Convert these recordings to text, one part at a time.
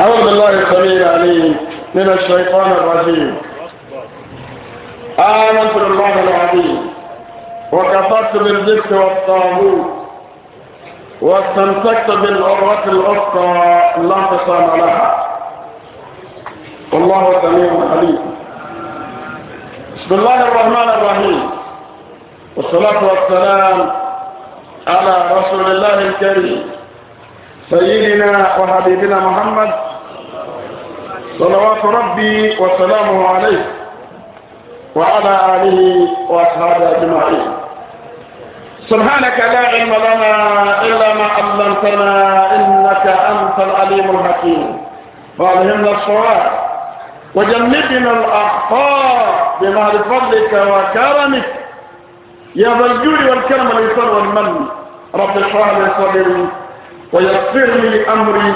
أعوذ بالله السميع العليم من الشيطان الرجيم آمنت بالله العظيم وكفرت بالذكر والطاغوت واستمسكت بالعروة الأخرى لا انقسام لها والله سميع عليم بسم الله الرحمن الرحيم والصلاة والسلام على رسول الله الكريم سيدنا وحبيبنا محمد صلوات ربي وسلامه عليه وعلى آله وأصحابه أجمعين سبحانك لا علم لنا إلا ما علمتنا إنك أنت العليم الحكيم وألهمنا الصواب وجنبنا الأخطاء بما لفضلك وكرمك يا ذا الجود والكرم الإنسان والمن رب اشرح لي صدري ويسر لي أمري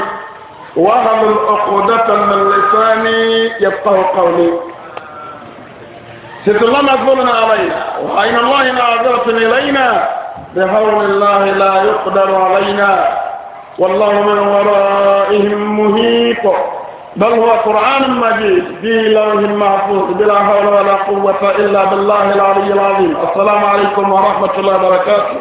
وهل العقدة من لساني يفقه قولي ست الله مقبول علينا وعين الله ناظرة إلينا بحول الله لا يقدر علينا والله من ورائهم مهيط بل هو قرآن مجيد في لوح محفوظ بلا حول ولا قوة إلا بالله العلي العظيم السلام عليكم ورحمة الله وبركاته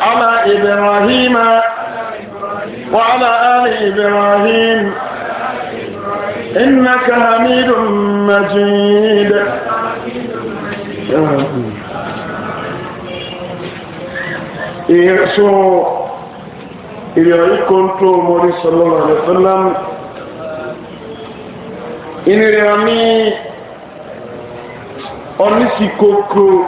على إبراهيم وعلى آل إبراهيم إنك حميد مجيد إيسو إليه كنت مولي صلى الله عليه وسلم إني رامي أني سيكوكو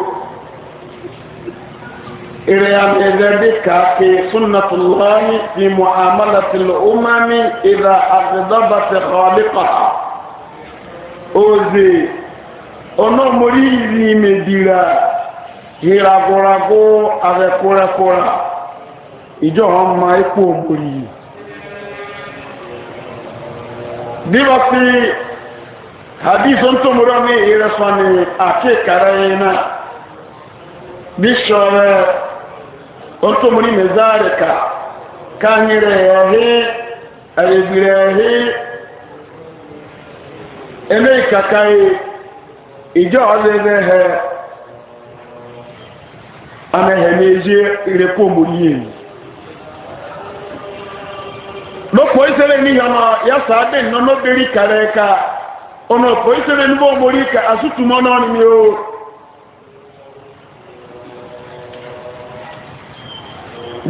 إريام إذا بك في سنة الله في معاملة الأمم إذا أغضبت خالقها أوزي أنو مريزي مديرا هيرا غراغو أغي كورا كورا إجو هم ما يكون مري دلوقتي حديث أنتم رامي إرسواني أكي كارينا بشورة otu muri mezarika kanyere ehe ayebiri ehe eme ikakaye ije ọzọ ehe amehe n'ezie irekwa omuri enyi lọ́pọ̀ ìṣẹ́lẹ̀ ní ìyàmà yásà dẹ̀ nọ́nọ́bẹ̀rí kàrẹ́ẹ̀ka ọ̀nà ọ̀pọ̀ ìṣẹ́lẹ̀ níbọ̀ omori ka ni o.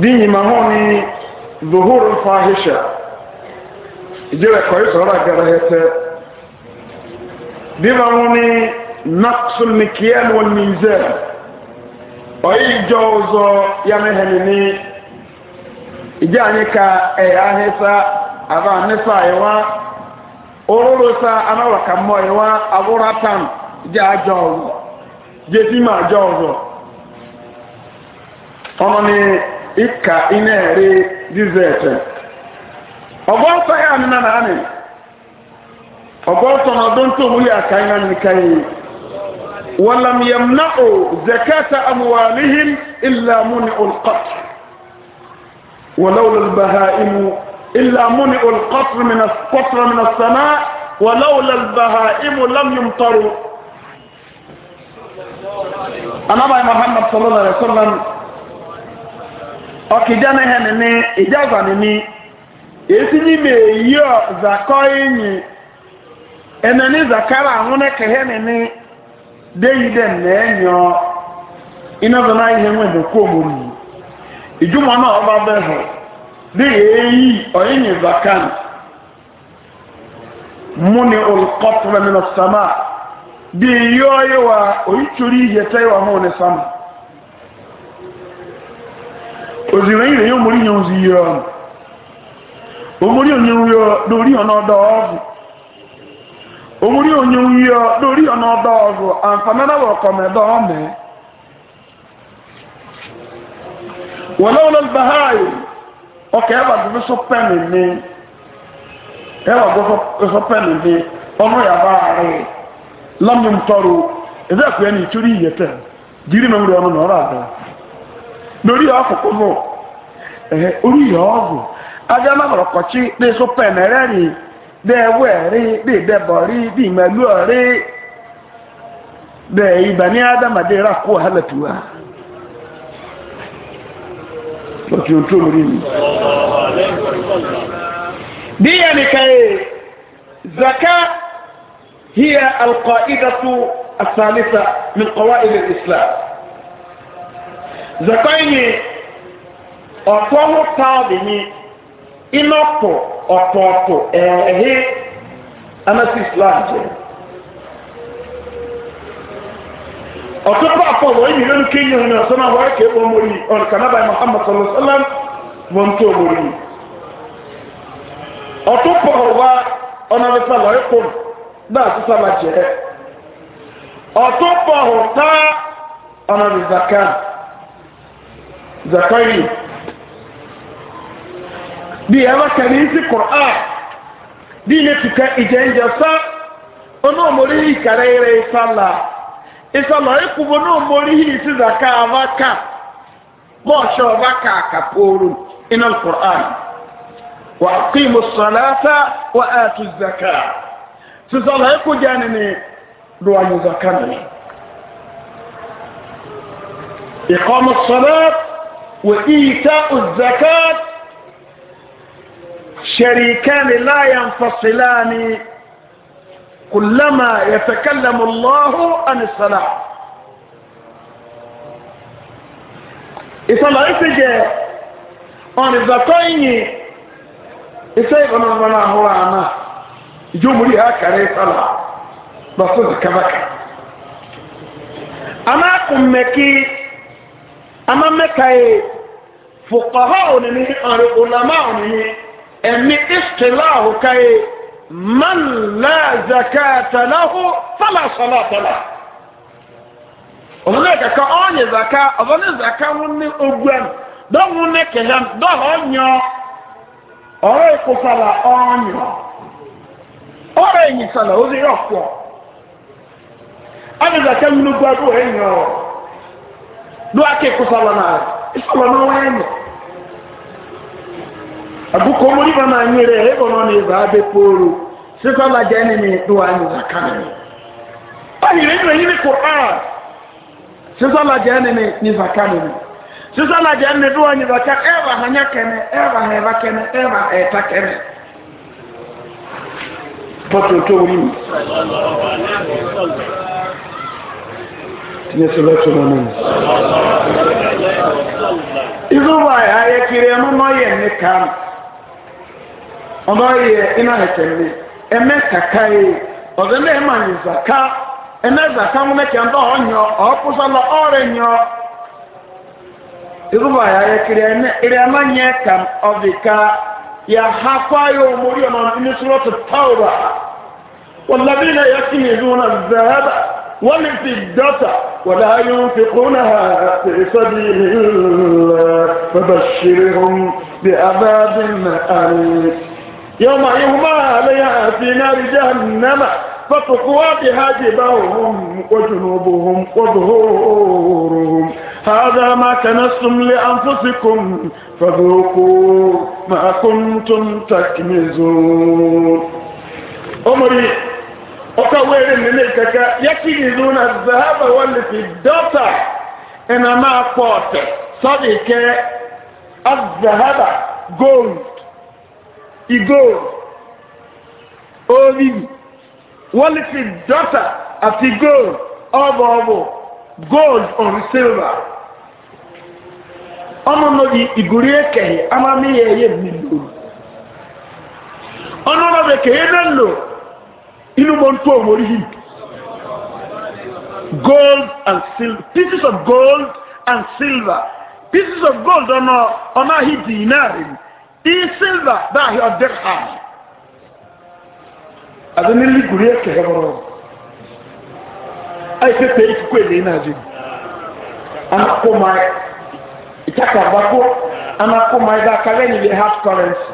Dị n'ihi m n'i dị ụhụrụ ụfọ ahịhịa iji lekọta ọrụ agara ahịhịa ise dị m aṅụ n'i nakshon nkeon n'izere ọ yi ji ọzọ ya na ni iji anyị ka ehi ahịhịa agha n'ịsa iwa ụhụrụ ịsa anaghị akama ịwa agwụrụ atam iji ajọ ọzọ iji eti m ajọ ọzọ ọnụnị. ika inere dizete ọgbọ ọsọ ya nina na anị ọgbọ ọsọ na ọdọ ntọ omuli aka ina nika yi ولم يمنعوا زكاة أموالهم إلا منع القتل ولولا البهائم إلا منع القتل من القتل من السماء ولولا البهائم لم يمطروا أنا محمد صلى الله عليه وسلم ọkịja na ihe nene ịja gwa nene esi n'ime eyi ọ zakọ enyi enene zakara ahụ na kehe nene deyi de nne enyi ọ ịnọdụ na ihe nwe bekwa omori ijuma na ọba beho dị eyi ọyịnyi zakan muni olukọtụrụ mina sama dị eyi ọyịwa oyi chọrọ ihe tẹwa hụ ne sama òsìrè yìí rè yóò mórí yẹn òsì yìí ọ̀nà um, òmórí òyìn yọ lórí ọ̀nà ọ̀dọ̀ ọ̀gù òmórí òyìn yọ lórí ọ̀nà ọ̀dọ̀ ọ̀gù àǹfàmẹ́lẹ́wọ̀ kọ̀mẹ́dọ̀ ọ̀mẹ́ wọ̀lọ́wọ́lọ́ bàháyì ọkẹ́ ẹ̀wà gbogbo sọ pẹ́ẹ̀nì ní ẹ̀wà gbogbo sọ pẹ́ẹ̀nì ní ọ̀nà yàrá ẹni ìtúrí ìyẹ̀tẹ̀ jírí mẹ́wúrẹ́ ọ̀nà ọ̀rọ̀ àgbẹ̀ lórí ọ̀fùkú bò orí ọ̀ọ̀bù ajá lábọ̀rọ̀ kọ̀chí bí súpẹ̀ mẹ́rẹ́ rì bí ẹwẹ́ rí bí ìdẹ́bọ̀ rí bí ìmẹ̀lú rí bí ìbà ní ádámàdé rà kó hálẹ̀tù wa lọ́tí ohun tó lórí mi. bí ẹnìkan yìí zaka hiya alqaidatu asalisa min qawaid al-islam. zakwanyi ọtọ ho paadi nyi ịnọpụ ọtọọtọ ẹhẹ anasi islam jẹ ọtọ paapọ wọn yi nínú kéèyàn ní ọsán náà wọn kéèyàn wọn mọrí ọdún kanaba muhammad sallallahu alaihi wa sallam tó ma zakari di ɛma kani si kur'a di ne tuka ijɛnjɛ sa ɔno omori yi kare yɛrɛ isala isala ekubo no omori yi si zaka ava ka bɔɔhyɛ ɔba ka kapooru ina kur'an wa aqimu salata wa atu zaka sisala eku jani do anyi zaka ne iqamu salat وإيتاء الزكاة شريكان لا ينفصلان كلما يتكلم الله عن الصلاة إصلاة إسجاء أن الزكاين إسجاء من ربنا هو أنا جمهوري هكذا إصلاة بصوت كبكة أما أمكي أما مكي fukaha onini ari ulama onini ẹmi istilahu kai man la zakata lahu fala salata la ọmọdé kaka ọnyẹ zaka ọmọdé zaka wọn ni ogun dọwọn ni kẹhẹm dọwọ ọnyọ ọrọ ìkọsala ọnyọ ọrọ ìnyìsala ọdún yóò fọ ọnyẹ zaka wọn ni ogun adúwọ ẹnyọ dọwọ akẹ ìkọsala náà ìsọlọ náà wáyé nù àbúkọ na nígbà máa nyé rẹ ẹgbọn náà ní ìbá bẹ pòrò sísọ làjẹ ẹni ní ìdó wa ní ìzàkà mi báyìí rẹ nílò yìí ní kòrán sísọ làjẹ ẹni ní ìzàkà mi sísọ làjẹ ẹni ní ìdó wa ní ìzàkà ẹ bá hanya kẹmẹ ẹ bá hẹba kẹmẹ ẹ bá ẹta kẹmẹ tọ́tù tó wúlò tinye sọlọtọ nínú mi. Ìzúbà ayé kiri ẹnu náà yẹ ní kàn. Ọ̀nà yẹ iná hẹ̀kẹ̀ mi. Ẹmẹ kàkà yìí. Ọ̀dọ̀ náà ẹ̀ma ní zàká. Ẹmẹ zàká mú mẹ́kẹ̀ ń bá ọ̀ nyọ. Ọ̀kúsọ lọ ọ̀rẹ́ nyọ. Ìzúbà ayé kiri ẹnu ìrẹ́ ẹnu yẹ kàn ọ̀dìkà. Yà ha kwáyé òmùrí ọ̀nà ní sọlọtọ táwùrà. Wọ́n الدفع ولا ينفقونها في سبيل الله فبشرهم بعذاب أليم يوم يهما عليها في نار جهنم فتقوى بها جباههم وجنوبهم وظهورهم هذا ما كنستم لأنفسكم فذوقوا ما كنتم تكنزون أمري ọkọ wẹrẹ mi ní yakini yẹkìlì na zahaba wọlé fi dọta ẹnà máa pọ ọtẹ sọdí kẹ azahaba gold igold olive wọlé fi dọta àti gold ọbọ ọbọ gold on silver ọmọ nọbi ìgúrí ẹkẹyẹ amami yẹ ẹyẹ mi lò ọmọ nọbi kẹyẹ náà inú mọ́ tó òmòrí yìí gold and silver pieces of gold and silver pieces of gold ọ̀nà ọ̀nà ahì dìínàrì ní silver báyìí ọ̀dẹ́ ha àti nílí gùrí ẹ̀kẹ́ ẹ̀rọ àìsí pé ìkúkú èlé náà jẹ́ anakó máa ìtàkàbàkó anakó máa ìdá kalẹ́ nílé hard currency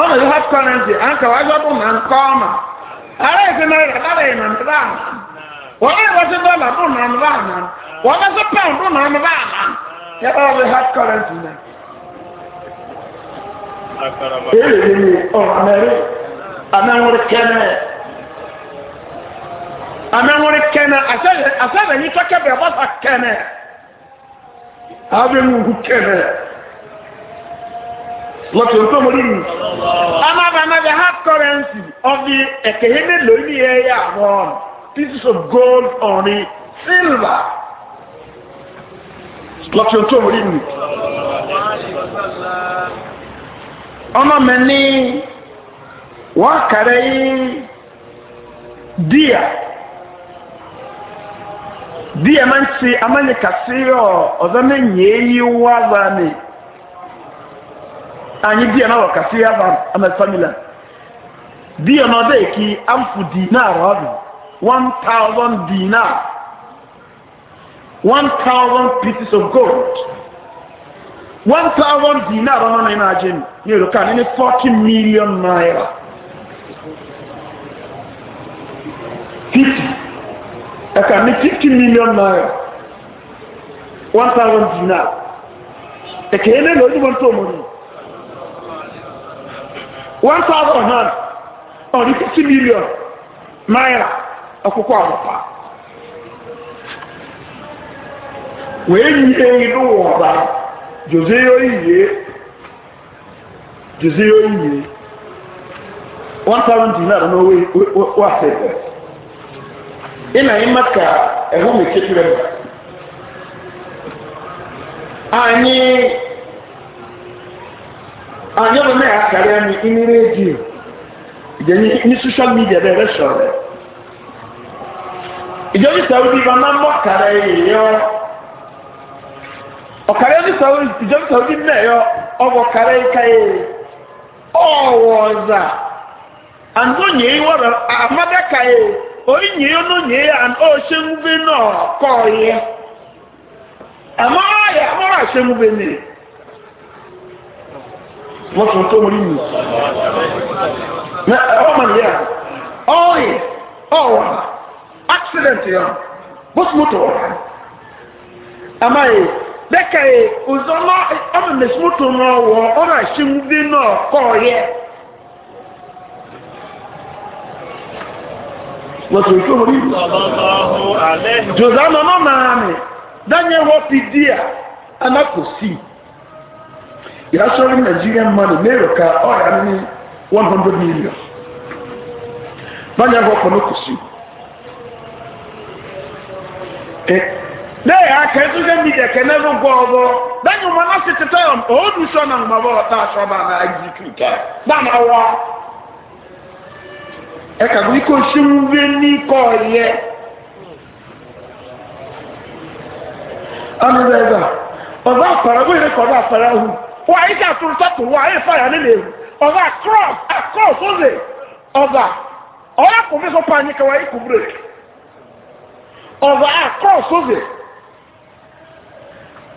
ọmọ yìí hot currency à ń kàwá gbọ́dọ̀ mà ń kọ́ ọmọ ara ìsìn náà rẹ̀ lára ìnà ní bá àná wọ́n bá ìwọ́sí dọ́là dùn náà ní bá àná wọ́n bá sí pound dùn náà ní bá àná yẹ ọ́ bí hot currency náà. èyí ni mi ọ̀rọ̀ amẹ́rí amẹ́wọ́rí kẹ́nẹ́ amẹ́wọ́rí kẹ́nẹ́ àṣẹ́yẹ̀ àṣẹ́yẹ̀ yìí tọ́kẹ́ bẹ̀rẹ̀ bọ́sà kẹ́nẹ́ àbẹ̀mú kẹ́nẹ́ lọ́tọ̀ tó mo rí mi. Another another hard currency of the ẹ̀kẹ́yẹ́ mélòó ní ẹ̀yà wọn pieces of gold on silver. Lọ́tọ̀ tó mo rí mi. Ọmọ mi ní wọ́n kàrẹ́ yìí díà. Díà máa ń ṣe amányekàsí ọ̀ ọ̀dọ́ mi nyẹ́ yí wá bá mi anyi diɛ na wɔ kase aban ama famila diɛ na ɔda eki amfu dinar ɔdo one thousand dinar one thousand pieces of gold one thousand dinar ɔno na ina agye no ne yɛrɛ kaa ne forty million naira fifty ɛka ne fifty million naira one thousand dinar ɛkɛyɛ ne na ojúbɔ ntɔmɔ no one thousand hand ọ̀dí fifty million naira ọkụkọ ọ̀pá wee yie inú ọ̀bá jòzé oyìye jòzé oyìye one thousand dinar na owó wà sẹ́gbẹ̀ ị na ị maka ẹ̀họ́ mechepere anyị anyị bụ na ya n'ime redio imi soshal midia bụ ebe sọrọ ije onye saudi bá máa ń bọ̀ yọ saudi ìjọ ní saudi náà yọ ọ̀bọ̀ kàrẹ́ yìí káyé ọ̀wọ̀ ọ̀zà àǹtó nyèé wọ̀rọ̀ wọ́n sọ tó mọ̀rí mi. ọmọ nìyà ọ̀rẹ́ ọ̀wà accident yẹn bóṣù mọ́tò ọ̀rẹ́ àmà yìí dẹ́kẹ̀ yìí ọ̀zọ́ náà ọmọ mẹ̀sì mọ́tò náà wọ̀ ọ̀rọ̀ àṣìwúdí náà kọ̀ ọ̀yẹ́. wọ́n sọ tó mọ̀rí mi. jòzánà náà máa mi dányẹ̀wọ́ fi díà anákòsí yà á sọrọ nigerian money mẹ́rọ ká ọ̀yà ní one hundred million báyà wọ́pọ̀ ló kù sí. lẹ́yìn akẹ́tù ṣe mi dẹ̀kẹ́ lẹ́nu gbọ́ ọ̀bọ̀ lẹ́yìn ọmọ náà sì ti tẹ́ ọ̀m òòdù sọ̀nà ọ̀mọ̀bọ̀ ọ̀tá aṣọ bá náà yí kì í ká bá náà wá. ẹ kàgbé kó ṣíwúwé ní kọ́ ọ̀yẹ́. ọ̀nà ìrẹ̀dà ọ̀dọ́ àpàrà bóyá kọ́ ọ̀dọ́ àpàrà hù wàá ìjà àtúntàkù wàá ìfàyà nílé ọ̀gá cross cross oze ọ̀gá ọ̀rá kò fi sọ́pà ní kẹwàá ikú break ọ̀gá cross oze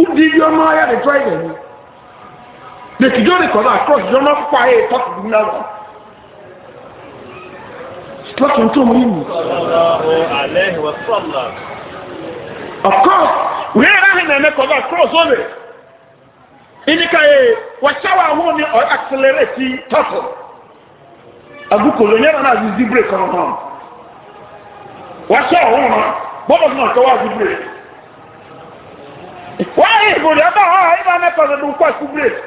ìdí ibi ọmọ ayá lè tọ́ ẹ̀yẹ̀ ni lè tìjọ́ lè kọ́ náà cross ìjọba pípa ayé tọ́kù bí náà lọ. tó mú ìmú. Of course, wíyẹn ráhìn náà ẹ̀mẹ́kọ̀ọ́ bá cross oze. inika wasawa ahu ni ɔ accelerate tɔtɔ agukolo onye nana azizi na bɔbɔ tena ɔtɔ wa azi bire ibodi ɛba hɔ a ɛba ne kɔsɔ do nkɔ asi bire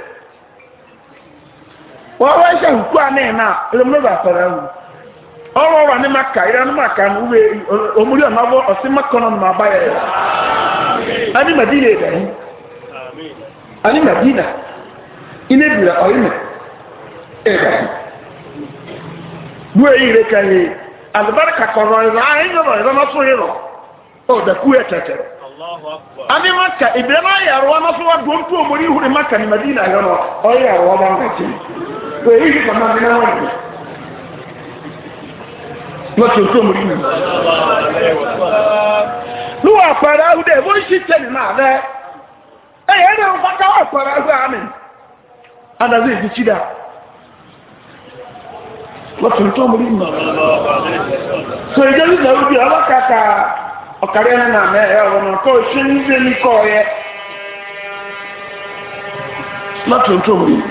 wa huku a na ɛlɛmu ne ba pɛrɛ ɔwɔ ọrụ ma ka ɛdɛ maka ma ka no ɔmabɔ ma kɔnɔ ma ba yɛ ɛni ma di yɛ dɛ. ani madina ina bira ɔyima ɛba duwe yi re kan ye alibarika kɔrɔ yɔrɔ a yi yɔrɔ yɔrɔ ma so yɔrɔ ɔ da ku yɛ e tɛtɛ ani maka ibirama yarowa ma so wa don tu omori ihu ni maka ni madina yɔrɔ ɔyɛ yarowa ma nga ti o yi yi kama mina wa yi ma so tu omori ihu. nuwa akpara ahu dɛ wo si tɛ ni ma dɛ ẹ̀yẹ ẹ̀rẹ́ ọ̀pátá wà pẹ̀lú ẹgbẹ́ àmì adàzí ìdí chida lọ́tùrùtọ́ mú nínú so ìjẹ́ ìjẹ́ ìjẹ́ ọlọ́kàkà ọ̀kàrí ẹ̀rẹ́ nà mẹ́ ẹ̀rọ nà kọ́ ṣe ń gbé ní kọ́ ọ̀yẹ lọ́tùrùtọ́ mú nínú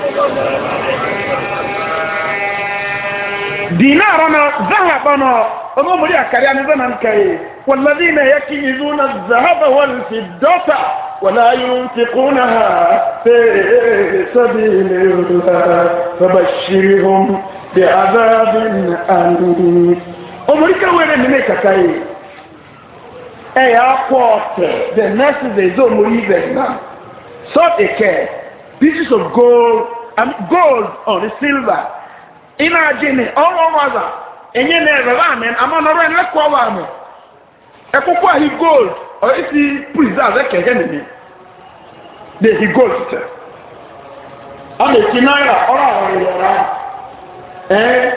دينار انا ذهب انا امام لي اكريان زمان كاي والذين يكنزون الذهب والفضه ولا ينفقونها في سبيل الله فبشرهم بعذاب أليم أمريكا وين من كاي أي أقوات the nurses they don't believe in now salt a care pieces of gold and um, gold or the silver in our journey all over that and you never amen I'm on the run let's go هي gold oyi si preserve kẹ̀kẹ́ nìyí de hi gold tẹ̀ ọ̀nà èkì náírà ọ̀rọ̀ àwọn ìyọ̀rọ̀ ẹ̀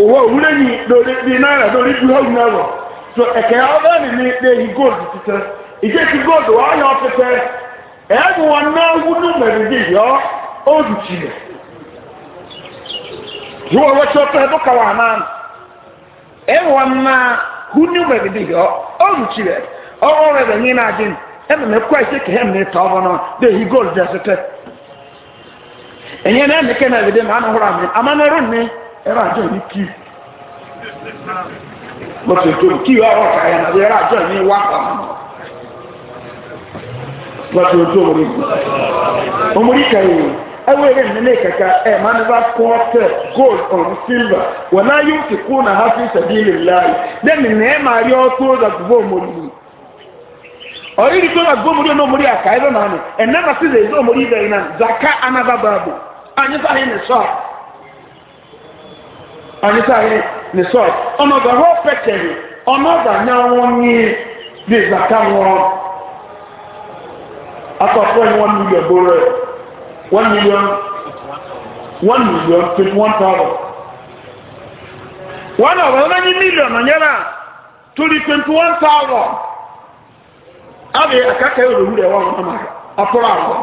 owó òwúrẹ́ yìí lórí bí náírà lórí bí hó náírà so ẹ̀kẹ́ ọ̀rọ̀ nìyí de hi gold tẹ̀ ìjẹ́ ti gold wà á yọ pẹpẹ yìí wọ́n wọ́n tí wọ́n ọwọ́ rẹ̀ rẹ̀ yín na-adị ẹ̀mí mi kọ́ ẹ̀ṣẹ́ kìí ẹ̀mí tọ́ ọ̀bọ̀ náà dé yí góòlù dẹ̀ sẹ́tẹ̀ ẹ̀yẹn náà ẹ̀mí kẹ́ náà ẹ̀dẹ̀ máa ń húra mi àmọ́ ní ẹ̀rọ mi ẹ̀rọ àjọ yìí kí mo sì tó kí ọ̀rọ̀ ọ̀tà yẹn nne gold on silver wọn náà yóò na hafi sẹbi lè láàyè lẹ́mìí na ẹ máa ụzọ ọ̀rẹ́rì tó àgbó mori ọ̀nà mori àkà ẹ̀rọ náà ni ẹ̀nà bá sílẹ̀ na zaka anaba baabu anyisa ahi ni sọ́ọ̀ anyisa ahi ni sọ́ọ̀ ọ̀nà ọ̀gá hó pẹ̀tẹ̀ zaka wọn akọ̀fọ́ yìí wọ́n mílíọ̀n bóró ẹ̀ wọ́n mílíọ̀n twenty one thousand wọ́n náà wọ́n náà ní mílíọ̀n ọ̀nyẹ́rà abe akaka ya ɔlɔwura ɛwɔ wɔn ama ɔpɔlɔ awɔ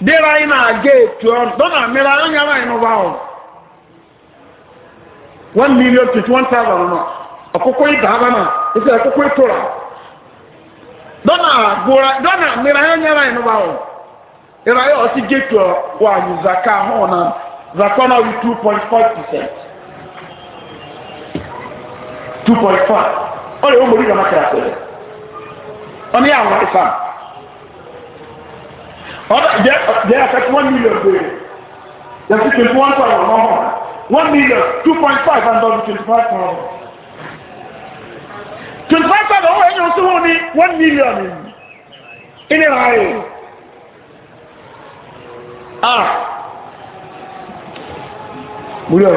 dera yi na aga etu ɔn dɔnna mmiri anya na n'ụba ahụ ba wɔn one million one thousand na esi ɔkoko yi tora dɔnna agora dɔnna anya anyị n'ụba ahụ ba wɔn dera yi ɔsi gye zaka hɔn na zaka na two point five percent two point five ɔlɛ wɔn ɔne yɛ ahoro sa ɔda deɛ deɛ asɛte one million doyɛ yɛsi twenty one thousand ɔmo ho one million two point five and hundred twenty five thousand twenty five thousand ɔmo yɛ nyɛ wɔn ni one million ɛne ra yɛ ah. Muy bien,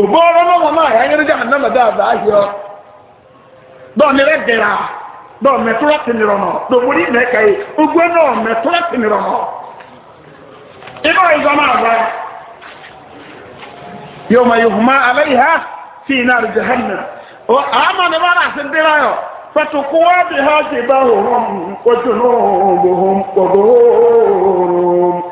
òbó ọrọ náà wọn náà yà nyere jà nàmà dáadáa ahìọ dọ̀nìrẹ́ dìrà dọ̀mẹ̀tọ́rọ̀ tìmìrọ̀ nọ dọ̀mọ̀rí mẹ́ka yìí ogbó náà mẹ̀tọ́rọ̀ tìmìrọ̀ nọ inú ìzọ́ náà bá yóò máa yóò máa alẹ́ yìí ha fi iná rẹ̀ jẹ́ hẹ́nà ọ àmà ni wọn àti dìrà yọ pẹ̀tùkú wá bí ha ti bá òhun ojú náà òhun òhun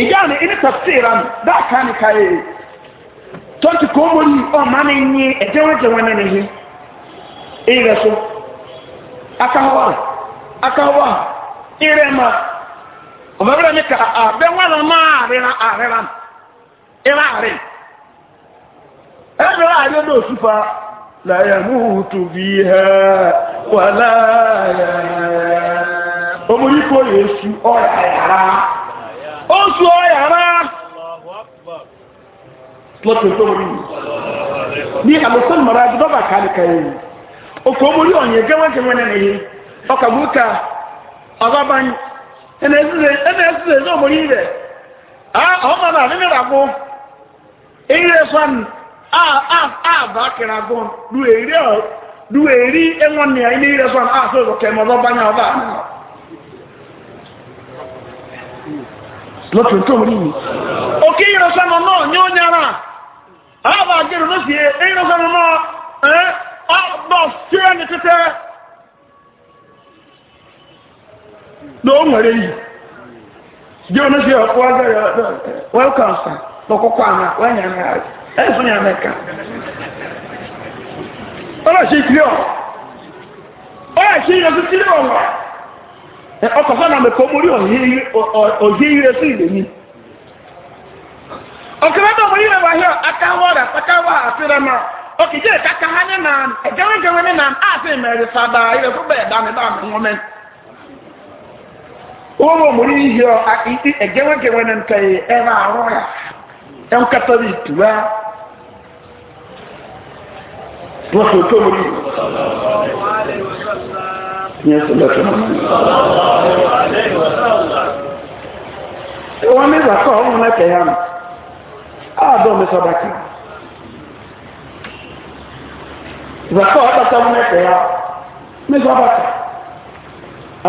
ìjáàni ní tafsiran dáàkà ní káyé tọ́ntì kò mọ́ ní ọmọ ní ní ẹ̀jẹ̀wẹ̀jẹ̀wẹ̀ náà nìyí èyí rẹ̀ so akawa akawa ìrẹ̀ ma ọ̀bẹ̀rẹ̀ mi ka àbẹ̀wọ̀lọ̀ máa rẹ̀ àrẹ̀ rà ìrà àrẹ̀ ẹ̀rọ àrẹ̀ náà sùpà láyàmú tùbí ha wà láyà ọmọ yìí kò yẹ su àyàrá. oṣù ọ̀yà rárá lọ́tún tó rí ní àlùsàn mọ̀ra dọ́bà kálíkà yìí òkú omori ọ̀yẹ̀ gẹ́wọ́ntì wọn náà yìí ọkà búta ọba báyìí ẹnẹ ẹsẹ ẹsẹ ẹsẹ omori rẹ ọmọ náà nínú ìràgbó èyí rẹ sọ́n àbá kẹrà gọ́n lu lọ́tún tó rí mi òkè ìrọ̀sánà náà ní ó nyára àbá àjẹrò ló sì é ìrọ̀sánà náà ẹ́ ọ̀dọ̀ sí ẹni títẹ́ ló ń yìí jẹ́ ọ̀nà sí ọ̀pọ̀ agbẹ̀rẹ̀ welcome sir lọ́kọ́kọ́ àná wọ́n yàn án ọkọ̀fẹ́ na mẹ́kọ̀ mórí òhìí ire sí ilé ní ọkọ̀fẹ́ náà mórí rẹ̀ wáyé akáwọ́ rẹ̀ pàkáwọ́ àfihàn náà ọkìjẹ́ ìkàkà ha ní nàn ẹ̀gẹ́wẹ́gẹ́wẹ́ ní nàn àti ìmẹ̀rẹ̀ sábà ilẹ̀ tó mẹ́ wọ́n ẹ̀gẹ́wẹ́gẹ́wẹ́ ní nkà yìí ẹ̀ ya ẹ̀ ń bí ní ẹsẹ̀ lọ́tọ̀ wọn ní ìzàkọ̀ ọ̀hún mẹ́tẹ̀ ya nù àádọ́ mi sọ bàtà ìzàkọ̀ ọ̀pẹ̀tẹ̀ ọ̀hún mẹ́tẹ̀ ya mi sọ bàtà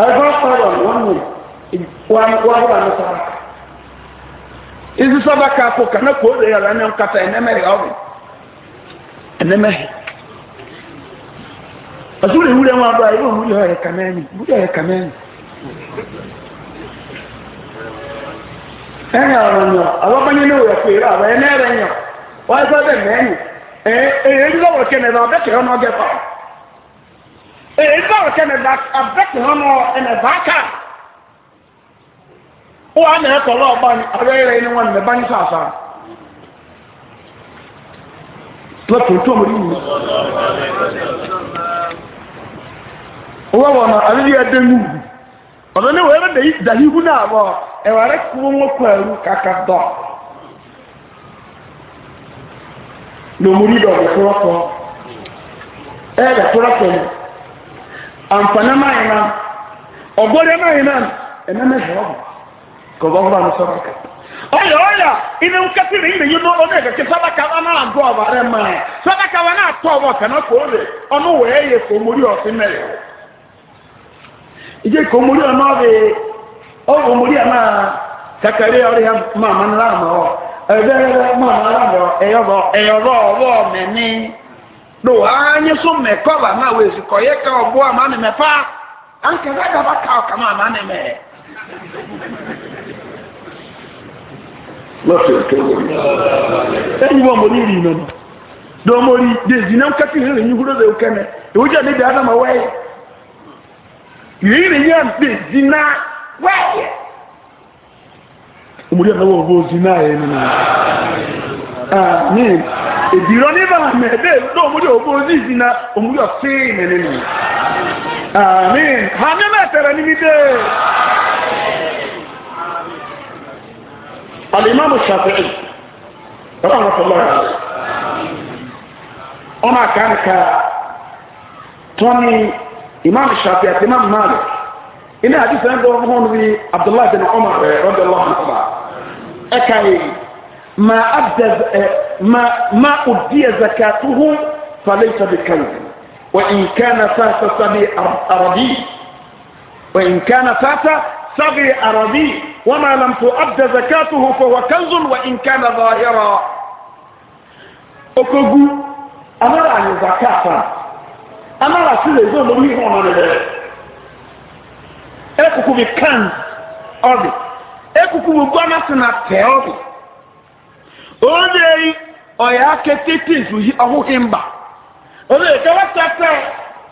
àìkọ́ sọ̀rọ̀ wọn nù wọn wọn bá mi sọ asúlẹ̀ ìwúlẹ̀ wọn abúlé ayé wọn múlẹ̀ ọ̀rẹ́ kàmẹ́ni múlẹ̀ ọ̀rẹ́ kàmẹ́ni. ẹ̀yìn ọ̀rọ̀ yàn àwọn bá nínú ìwẹ̀ pé rà wọ́n ẹ̀yìn ẹ̀rẹ̀ yàn wọ́n ẹ̀fọ́ bẹ̀ mẹ́yìn èyí lọ́wọ́ kẹ́nẹ̀dà abẹ́kẹ̀rẹ́ ọmọ ọgẹ́fà èyí lọ́wọ́ kẹ́nẹ̀dà abẹ́kẹ̀rẹ́ ọmọ ẹ̀nẹ̀fà ká wọ́n á nà ẹ̀kọ́ lọ́ọ̀ wọ́n wọ̀ náà àbí yẹ dé ní wẹ́rẹ́ dẹ̀ dàhíhu náà bọ̀ ẹ̀wà rẹ̀ kú wọn kọ ẹ̀rú kàkà dọ̀ lòmúrí dọ̀ bẹ̀ kúrọ̀ ẹ̀ bẹ̀ kúrọ̀ mu ànfàní máa náà ọ̀gbọ́dẹ máa náà mi ọyọ ọyọ nkẹsí rẹ yìí lọ sábàkà wọn náà dọ mọ ẹ sábàkà wọn náà tọ yẹ kò mórí ọsìn ije ka ọ n'ọrị ọrụ ọ na ọrị ya mama nra amọ ebe mama nra do anyị so na wezi kọ ka ama na mepa gaba ka ọ kama ama e na me lọtọ ìkéwò ẹni wọn mori nọ dọmọri dèjì náà kẹfì rẹ ní húrọ ewu òkẹmẹ yìí yẹn bẹ zina wẹ́ẹ̀. Omúdí ọ̀nà wọ́n bó zina yẹn nínú. Amin. Èdìrọ̀ ní bàbá mẹ́ẹ̀dẹ́ ló omúdí ọ̀bó zí zina omúdí ọ̀sí mi Amin. Hàmí mẹ́tẹ̀rẹ̀ níbi dé. Alimami ọrụ. ọ̀rọ̀ àwọn ọ̀sán lọ́wọ́ امام الشافعي امام مالك ان حديث عن ابو هريره عبد الله بن عمر آه، رضي الله عنهما اكاي ما ابدا آه، ما ما ادي زكاته فليس بكنز وان كان فاس صبي عربي وان كان فاس صبي عربي وما لم تؤد زكاته فهو كنز وان كان ظاهرا اوكغو امر عن زكاته ama la si lezo mo yi hɔn ekuku bi kan ɔbi ekuku bi gbɔ na tena tɛ ɔbi ɔde yi ɔyɛ akeke tins yi ɔho himba ɔde yi kɛwɛ tɛtɛ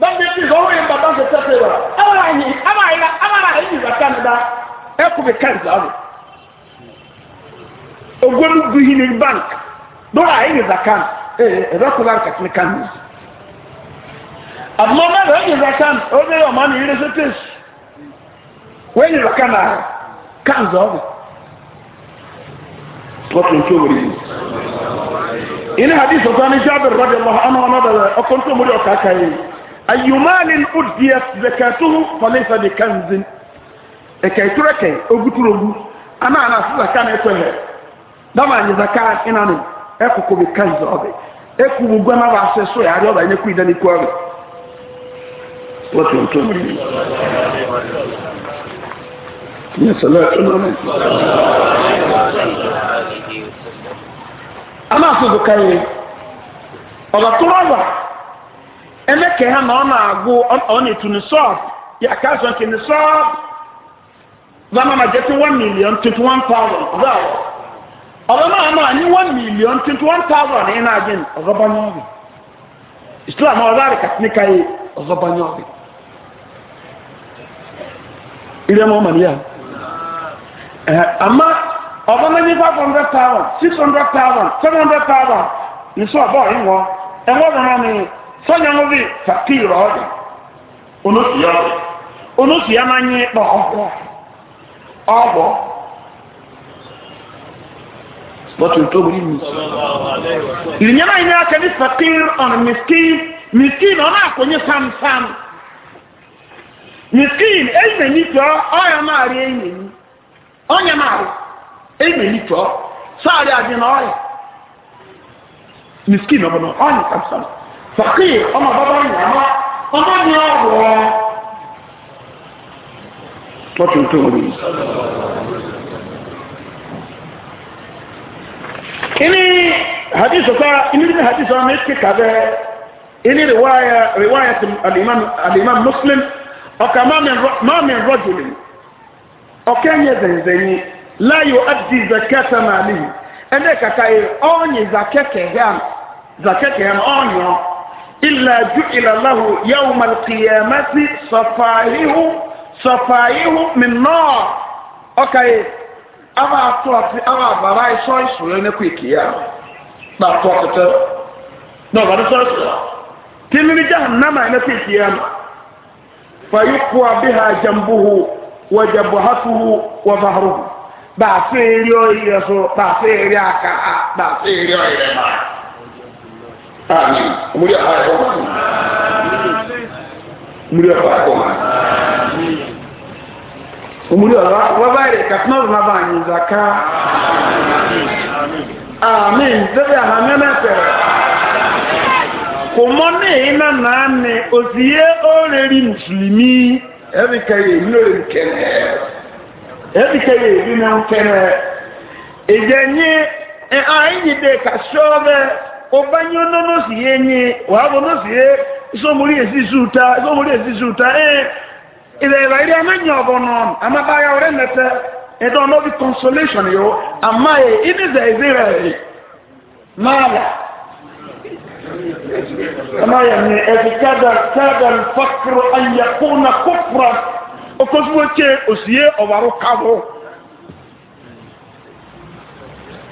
bɛn bi tins ɔho himba bɛn bi tɛtɛ wɛrɛ ama la yi ama la ama la yi ba da bi kan za bank do a yi za kan eh, eh, àmọ́ náà wọ́n yìí zaka ó ní ọmọ mi wọ́n yìí zaka náà káàzọ́ ọ̀bì lọ́kùn tó wọlé yìí. inú hadith ọ̀sán ní jábìr rọ́dì lọ́wọ́ ọmọ ọmọ bẹ̀rẹ̀ ọkùn tó múlẹ̀ ọ̀ká ká yìí. ayùmáàlì ọ̀dìyẹ zakatu di ẹ̀kẹ́ ìtúrẹ́kẹ́ ogútúrò ogun aná àná zaka na wọ́n tó mú ní ṣọlá ìmọ̀mọ́ a máa fi bùkà yìí ọ̀rọ̀ tó rọ̀wà ẹlẹ́kẹ̀ẹ́ hàn náà ọ̀nà àgbo ọ̀nà ètò ní sọ́ọ̀bù yà ká sọ kì ní sọ́ọ̀bù bàmà máa jẹ́ pé one million twenty one thousand ọ̀dọ́ àwọ̀ ọ̀rọ̀ náà máa ní one million twenty one thousand ní náà jẹ́ ọ̀rọ̀ bá ní ọ̀rọ̀ islam ọ̀rọ̀ àrẹ̀kà ní káyé bá ní ọ̀rọ̀ ilé ọmọ màníyà àmá ọba náà ní five hundred thousand six hundred thousand seven hundred thousand nìṣó ọba ọ̀yìn wọn ẹ̀wọ́n wọn náà ni sọ́nyà ń bí fàkì ìrọ̀ ọ̀dà onóṣìyà ọ̀dà onóṣìyà máa ń yín pọ̀ ọ̀bọ̀ ọ̀bọ̀ bọ́tù tó wúlí mi. ìrìnyẹ́mà yìí ni a kẹ́ ní fàkì ọ̀nà mìsíkì mìsíkì náà ọ̀nà àkọ́nyé sámsám. miskin enyi ni tɔ ɔyɛ maari enyi ni ɔnyɛ maari enyi ni tɔ saari adi na ɔyɛ miskin ɔbɛ na ɔnyɛ samsam fakir ɔmɔ baba nyama ɔmɔ ni ɔwɔ tɔtuntun wɔ yi. ini hadisi sa ini ni hadisi sa ne ti kabɛ ini riwaya riwaaya al-imam al muslim. ọkà mami rọjòlè ọkà ẹnyẹ zẹnzẹnyi láyò àti zakẹta náà lè ẹnẹ kàkà yìí ọnyì zakẹkẹ hàn zakẹkẹ hàn ọnyọ ilà ju ìlàláhu yàwù malkiyamasi sọfàáyihu sọfàáyihu mìnà ọkà yìí awa ato ati awa abara ẹsọ ìṣòro ẹnẹ kọ ìkìyà náà tó ọtẹtẹ náà ọba ní sọ fayukwa biha jambuhu wa jabhatuhu wa zahruhu ba se eri oire so ba se eri aka ba se eri oire ma amin muri ara ko ma muri ara ko ma muri ara wa ba re ka tno na ba ni zaka amin amin dabi ha me na tere kòmọ́nì iná náà ni òsìyé ọ̀rẹ́rì mùsùlùmí. ẹbí kẹyẹ ìlú rẹ kẹrẹ ẹbí kẹyẹ ìlú náà kẹrẹ ìjẹnyẹ ẹ àìyíde kàṣọ bẹ ọba nyẹ ọdún náà sì yé nyẹ wàá bọ náà sì yé sọmúlì èsì sùúta sọmúlì èsì sùúta ẹ ìlẹ̀ ìlà amábáyà ọ̀nà consolation yìí kama yani efikada kada alfakru an yakuna kufra okosuwo tse osie ɔbaro kabo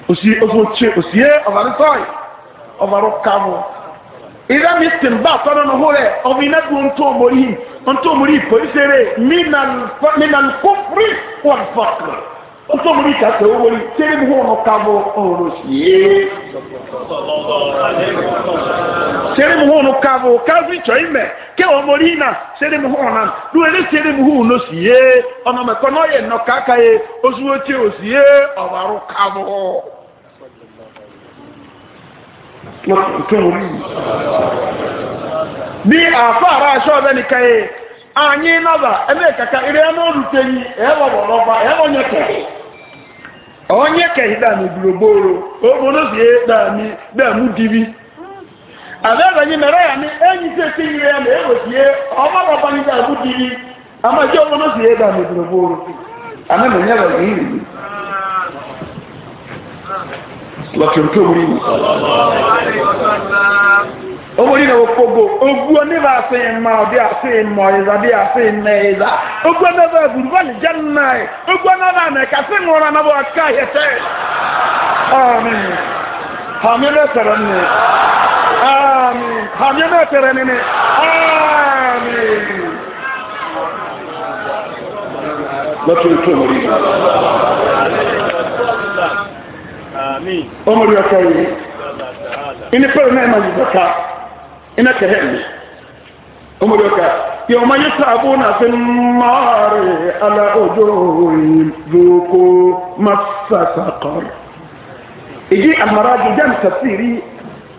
osie osuwo tse osie ɔbaro sɔi ɔbaro kabo ìdá mi sìn bá àtọ́nà nìhó rẹ̀ ọmọ iná dùn ntọ́ omori ntọ́ omori ìpòlísèrè mí nà nkófúri wọ́n fọ́kùrù ntọ́ mu ní kàtà owó ní tẹ́lẹ̀ mu hàn ká bọ̀ ọ̀rọ̀ sí i. tẹ́lẹ̀ mu hàn ká bọ̀ káfí tọ́ ìmẹ̀ kẹwàá mo rí iná tẹ́lẹ̀ mu hàn náà lóore tẹ́lẹ̀ mu hàn ló sí i. ọ̀nà mẹ́kọ́ náà yẹ nọ káka yẹ oṣù wo tí o sí i ọ̀rọ̀ ká bọ̀. ní àfáàrà aṣọ ọ̀bẹ nìkan yẹ. anyị naba eme kaka ire ya n'oruteghi ewọbọrọba ewonyekeghị onyekeghị dami gburugburu obodo sie dami dami dibi abẹ́bẹ̀yìn mẹ́rẹ́ yà ní ẹ̀yìn tí èsì yìí rẹ̀ omori na wokogo oguo ne ba ase mma ɔde ase mma ɔyeza de ase mma ɛyeza oguo na ba aguru ba ne gyan nnae oguo na ba na ɛkase ŋɔra na ba ɔka yɛtɛ amen hame ne tɛrɛ ne amen hame ne tɛrɛ ne ne amen lọ́tún tó omori omori ọkọ yìí ní pẹ̀lú náà ẹ̀ máa yìí bọ̀ ká. ina kerem omo yoka yawma yasabuna fil nar ala ujuhihim dhuqu massa saqar iji almaraj jam tafsiri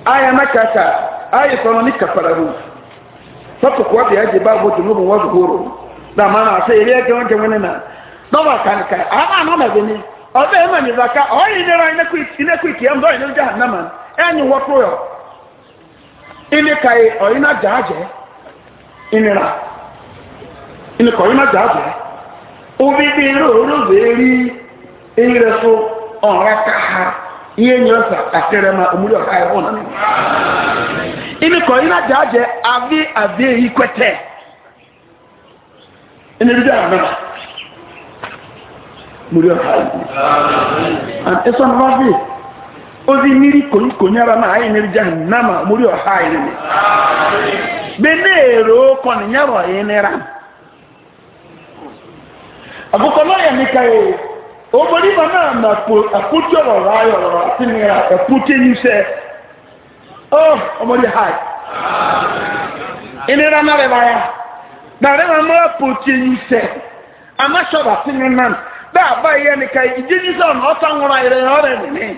aya nakaka aya kono ni kafarahu sabu kwa bi aje babu junubu wa zuhuru da mana sai ile ke wanke wani na dawa kan kai ana na bini obe ma ni zaka oyi ne ran ne ku ne ku ki am ini kai ọyina jaajẹ inira ini kọ ọyina jaajẹ obi bi roro zeri inire so ọra ka ha ihe nyere sa akere ma omuli ọka ya ọna ini kọ ọyina jaajẹ avi avi eyi kwete ini bi dara mẹba omuli ọka ya ọna and eso fi. ozi mmiri konyara na anyị mmiri jahannama muri ọha irene benere ụkọ na nyarọ ya nera ọkụkọ lọya nika ya obodi ma na na akpụtụ ọrọrọ ayọ ọrọrọ asị na ya akpụtụ enyi sẹ ọ ọmọdé ha enera na rẹba ya na rẹba mọ akpụtụ enyi sẹ amasọrọ asị na nan dá àbáyé nika ya ìdí enyi sẹ ọ na ọta nwụrụ ayẹrẹ ya ọrẹ nìyẹn.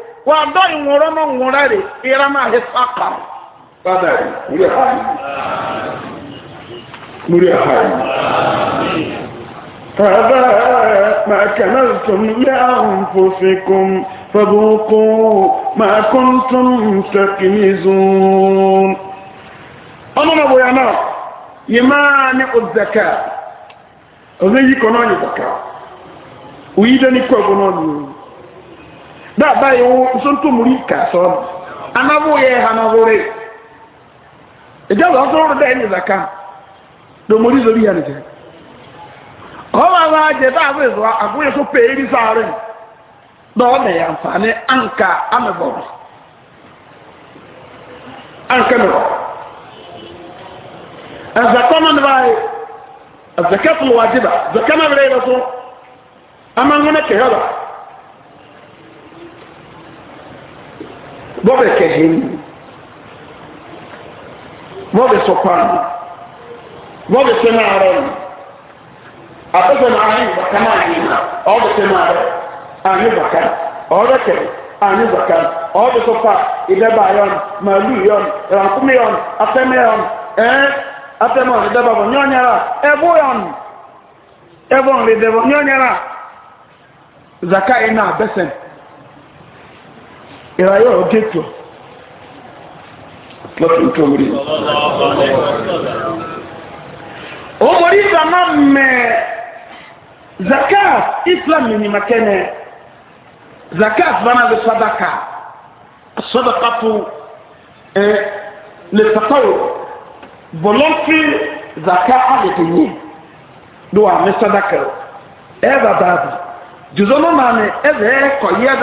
wa dɔ ŋɔrɔ ma ŋɔrɔ de ira ma he fa kan. fada muri ha yi muri ha yi. fada ma kana tun lé àwọn fosikun fabuku ma kuntun takinizun. ọmọ ma bonya náà yìí máa o zaka o zai yí kọ́ náà zaka o yí dání kọ́ ọ̀gbọ́n náà nìyẹn. daba yi wo nsontomori kaasɔ no anabo yɛ hanahore ɛgya wɔn nso wɔn zaka domori zɔ bi yɛ ne kyɛ ɔwɔ awa agye dɛ awo ezo ago yɛ so pɛɛ na ɔna yɛ anka amebɔ anka na ne ba yɛ ɛzaka to ba bọ́bẹ̀ kẹ̀hẹ́ bọ́bẹ̀ sọ̀pá bọ́bẹ̀ sẹ́nà ara ni àtẹ́sẹ̀ náà ayé ìbàkà náà ayé ìbà ọ̀bẹ̀ sẹ́nà ara ayé ìbàkà ọ̀rẹ́ kẹ̀hẹ́ ìbàkà ọ̀bẹ̀ sọ̀pá ìdẹ́bà yọ̀n màálù yọ̀n ìrànkúmi yọ̀n ẹ́ ìdẹ́bà bọ̀ ìráyé ọ̀rọ̀ gẹ́tù lọ́tún tó rí o mọ̀rí ìdáná mẹ́ zakat islam ni makẹ́nẹ̀ zakat bana bẹ sadaka sadaka tó ẹ lè sàkọ́ bọ̀lọ́fì zakat àlejò yìí do a mẹ sadaka ẹ bàbá bi jùzọ́nù màmí ẹ bẹ́ẹ̀ kọ̀ yẹ́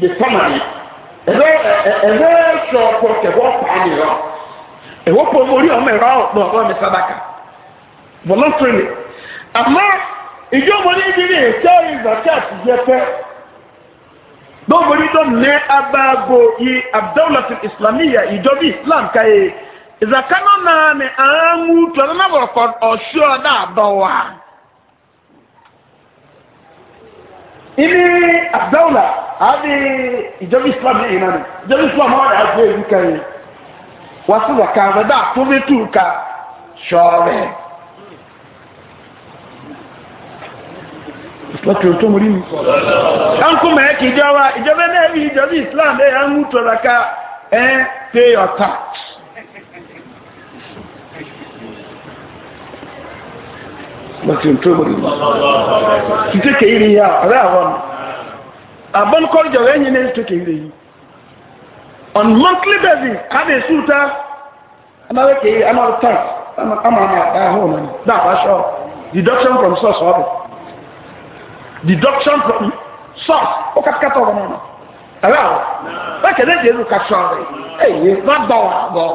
de samani ɛbɛ ɛbɛ sɔ kɔ kɛwɔ paa mi rɔ ɛwɔ pɔ mori ɔmɛ rɔ ɔmɛ ɔmɛ sadaka voluntarily ama ìjọ mori bi ni ɛsɛ ìzàkà àtijọ́ pɛ dɔwɔri dɔ mɛ abago yi abdawulati islamiya ìjọ bi islam ka ye ìzàkà náà nà ni àwọn ń wú tó ɛnana bọ̀ ɔsùn ɔdá àbọ̀wá. ini abdawla adi ìjọba islam yìí nani ìjọba islam wọn yà gbé ìlú kan yìí wọn sì wà kan fẹ dáa tó fi tù ká sọọrẹ islam tó tó mú rí mi. ẹnkú mẹ́ẹ̀kì ìjọba ìjọba náà bí ìjọba islam ẹ̀ ń mú tọ̀dà ká ẹ̀ pay your tax. lọ́tí ntúmọ̀rì mi. Títí kèé ni yá ọ̀rẹ́ àwọn abọ́nkọ́rìjọ rẹ̀ yẹn ní títí kèé ni yìí. On monthly basis, kábí sùúta, anáwó kèé anáwó tax, ama ama ẹ̀họ́ ọ̀nà ni, dá àbá ṣọ́, deduction from source ọ̀bẹ. Deduction from source, ó kàtàkàtà ọ̀bẹ náà. Ẹ̀rẹ́ àwọn, bẹ́ẹ̀ kẹ́lẹ́ jẹ́ ẹ̀rù kàtà ọ̀rẹ́,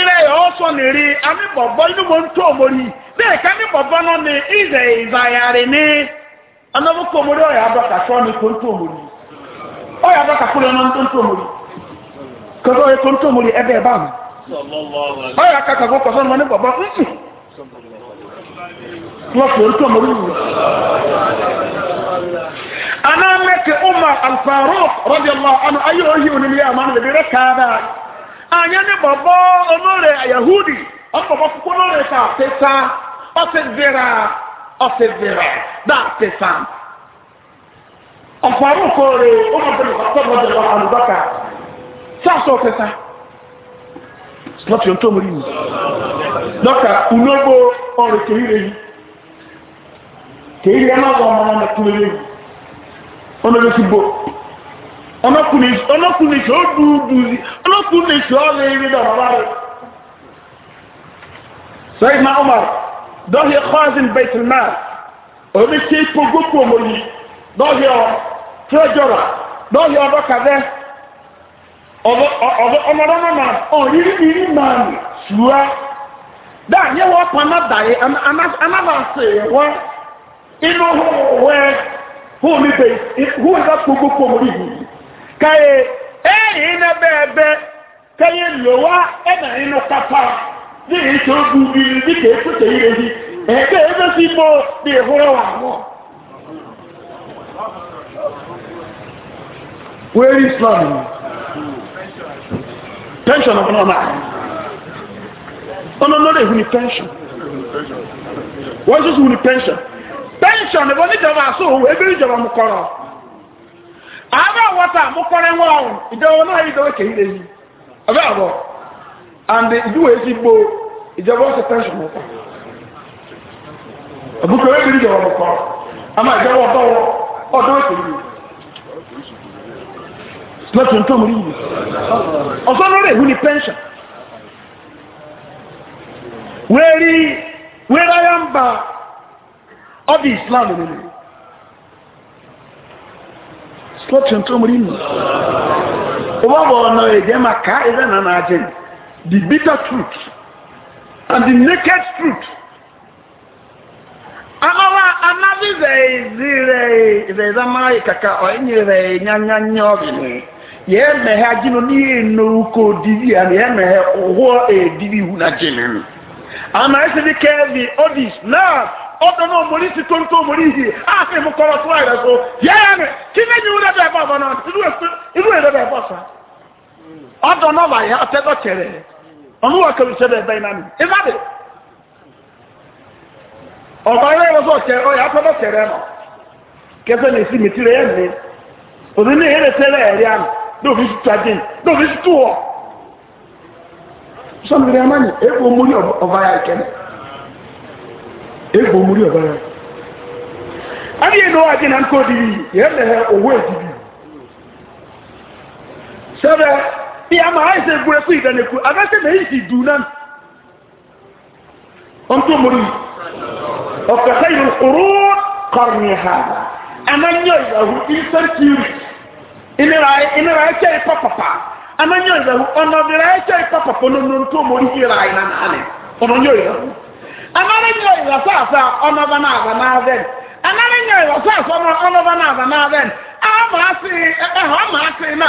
ilẹ̀ ọsọ nìrí amíbọ̀bọ̀ inú mo ń tó omori bẹ́ẹ̀ ká níbọ̀bọ̀ náà ni ìzẹ̀ ìzàyàrì ní ọ̀nàmúkọ omori ọ̀yà abọ́kà sọ́ ni kò ń tó omori ọ̀yà abọ́kà kúlẹ̀ náà tó ń tó omori kọ́sọ́ yẹ kó ń tó omori ẹbẹ̀ bá mi ọ̀yà kàkà kó kọ́sọ́ mọ́ níbọ̀bọ̀ ńkì wọ́n kò ń tó omori wù. aná mẹ́kẹ̀ umar anya ne bɔbɔ ɔnore yahudi ɔbɔbɔ koko ɔnore ta pesa ɔsi vera ɔsi pesa ɔfaru kore ɔmo bɛ nuka tɔ ɔmo bɛ pesa sinɔti yɛn tɔmɔ yiwu dɔkta unobo kehire yi kehire yɛn ma wɔ na kumere yi ɔmo bɛ si bo ọlọ́kùnrin ṣe ó dúdú sí ọlọ́kùnrin ṣe ó lè rí dọ̀rọ̀ rárẹ̀ sọ́yìn máa ọmọ dọ́hìí kọ́ọ̀sìn bẹ́tìl náà òní ṣe ipò gbogbo ọmọ yìí dọ́hìí ọ tírẹ́jọ̀rà dọ́hìí ọdọ́ kàdẹ́ ọmọdé náà ọ̀rírí ìrí máa nì ṣùgbọ́n dáa yẹ wọ́n pa náà dàyé anábàṣe wọ́n inú hùwẹ́ hùwẹ́ mi bẹ́ẹ̀ hùwẹ́ bá gbogbo ọmọ yìí kaye eyi na bebe kaye lowa e na kapa ne yi o bu bi ne e ebe si bo ne yi wa where is love tension of normal pension wọ́n ṣe sùn ni pension pension ìbọn níjọba àsóhùn ebí ìjọba mú kọ́rọ̀. àbẹ wọta mọkọrẹ wọn ìjọba náà yìí dọwọ kẹyì lè yí ọbẹ àbọ and ìdúwọ èsì gbó ìjọba ọsẹ tẹnṣọn mọkọ àbúkọ ẹbí ìjọba mọkọ àmà ìjọba ọdọwọ ọdọwọ kẹyì lè lọtún tó mú yìí ọsọ lórí ìwú ni pẹnṣọn wẹẹrí wẹẹrẹ ayé ń ba ọdí islam instruction ọ mú rí na ọba bọ̀ ọ̀nà na na ká the bitter truth and the naked truth amawa anabi rẹ̀ ìzí rẹ̀ rẹ̀ ìzámá ìkàkà ọ̀yìn rẹ̀ nyanyanya ọ̀bìnrin yẹ́ mẹ̀hẹ́ ajínú ní èèyàn kò dìbì àmì yẹ́ mẹ̀hẹ́ ọwọ́ èèdìbì hù náà ọdọ náà mọ̀rí ti tó ń tó mọ̀rí yìí á fi mú kọ́rọ̀ tó àìrẹ̀ so yẹ́rẹ́ mi kí ní ẹ̀yìn rẹ̀ bẹ̀ bọ̀ ọ̀bọ̀ náà inú rẹ̀ bẹ̀ bọ̀ sá ọdọ náà wà yá ọtẹ́gọ́ tẹ̀rẹ̀ ọ̀nù wà kẹ́rù sẹ́bẹ̀ bẹ́ẹ̀ náà mi ìfá de ọ̀bọ̀ ilé ìwọ̀n sọ̀ tẹ̀ ọ̀yà ọtẹ́gọ́ tẹ̀rẹ̀ nọ kẹsẹ̀ ní ìsí mi tirẹ̀ yẹn mi òní ní ìrẹ̀ tẹ́lẹ̀ ẹ̀rí àná lóòfin tutù adé lóòfin tutù wọ̀ sọ́mi rẹ̀ máa ní èkó mú ní ọ̀bá egbò múrí e anyị rẹ̀ adé yẹn lọ́wọ́ àjẹ́ náà ń kó di yẹn lẹ̀ owó ìdìbì sẹ́fẹ̀ bí a máa ṣe gbé fún ìdánikú abẹ́sẹ̀ na yìí sì dùn náà ọ̀n tó múrí ọ̀kẹ́ ha anányọ̀ ìyàwó ìsẹ́ntìrì ìnira ẹ̀kẹ́ anyị chọrọ ìyàwó ọ̀nà ìnira ẹ̀kẹ́ ìpọ̀pọ̀pọ̀ anara nyɛ ìwàsó àfà ɔnọba náà àbà náà bẹ́ẹ̀ ni anara nyɛ ìwàsó àfà ɔnọba náà àbà náà bẹ́ẹ̀ ama e, e, ama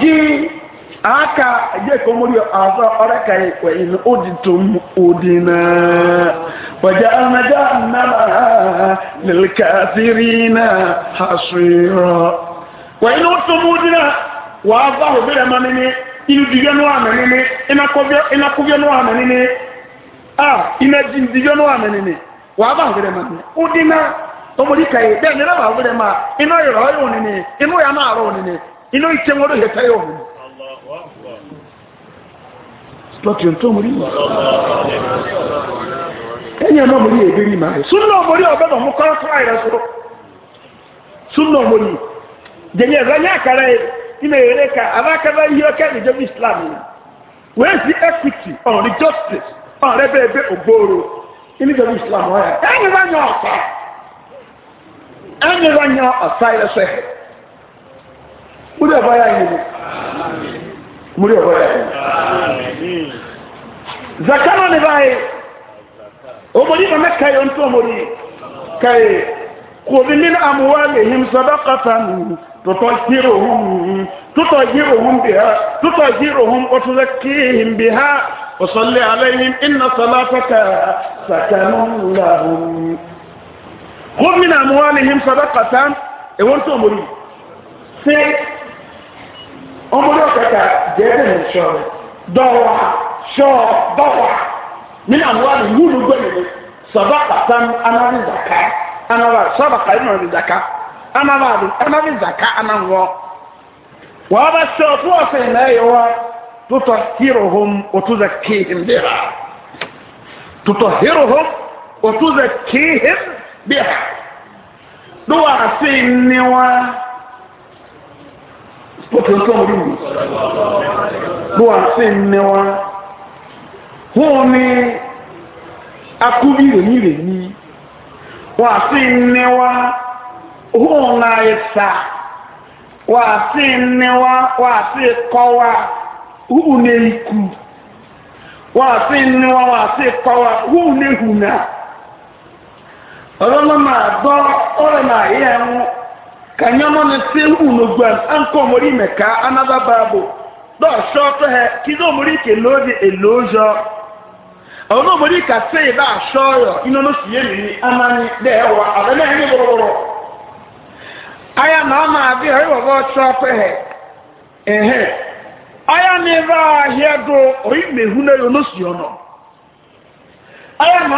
du. aka je komuri aza oraka e wa in uditum udina waja'alna jahannama lil kafirina hasira wa in uditum udina wa azahu bila manini inu diyo no amenini inakobyo inakubyo no amenini ah no amenini wa bila manini udina kai ba bila ma yoro yoni e, ni ya ma ro ni ino lọ́tí tó mú rí ẹni ẹ̀nà mú rí èdè rí máa rẹ̀ súnà mú mú kọ́ fúnra rẹ̀ sọ́rọ̀ súnà mú rí jẹ̀yẹ̀ ilẹ̀ èrè ka alákàrà yí ìjọba islam ni wọ́n èsì equity ọ̀rọ̀ justice ọ̀rẹ́ bẹ́ẹ̀ bẹ́ ògbóòrò ìjọba islam ẹni wọ́n yàn ẹni wọ́n yàn ọ̀sà muri ɛwɔ yɛ zaka no ne baa yi omori ma mɛka yi ɔntu omori ka yi kobi min amuwalihim sadaqatan tutahhiruhum tutahhiruhum biha tutahhiruhum wa tuzakkihim biha wa salli alaihim inna salataka sakanun lahum kobi min amuwalihim sadaqatan ewontu omori sai ọmọdé ọ̀kẹ́kẹ́ jẹ́ẹ́dẹ̀ ní sọ rẹ̀ dọ́wà sọ dọ́wà nínú àwọn àmì wúlò gbẹ̀mí sọ̀bà pàtàn anáwó zaka anáwó sọ̀bà pàtàn anáwó zaka anáwó anáwó zaka anáwó wàá bá sọ fún ọ̀sẹ̀ ìnáyẹ̀ wá tutọ̀ hírò hom òtúzẹ̀ kéhìn bíhà tutọ̀ hírò hom òtúzẹ̀ kéhìn bíhà dọ́wà sí ni wá. bókè nke tọ́mù rí mi bó wà sí nnẹ́ wa hún ní akúbí rèmí rèmí wà sí nnẹ́ wa hún náà ẹ̀sà wà sí nnẹ́ wa wà wa hù ní wa kanyɔmɔ ne se unogbam ankɔ omori mɛka anaba baabo dɔɔsɔ tɔ hɛ kidi omori ke lóde elózɔ ɔno omori ba ino no amani aya na ɔma adi ɔyɛ wɔwɔ tɔ tɔ hɛ ɛhɛ aya ba do oyi na no si aya na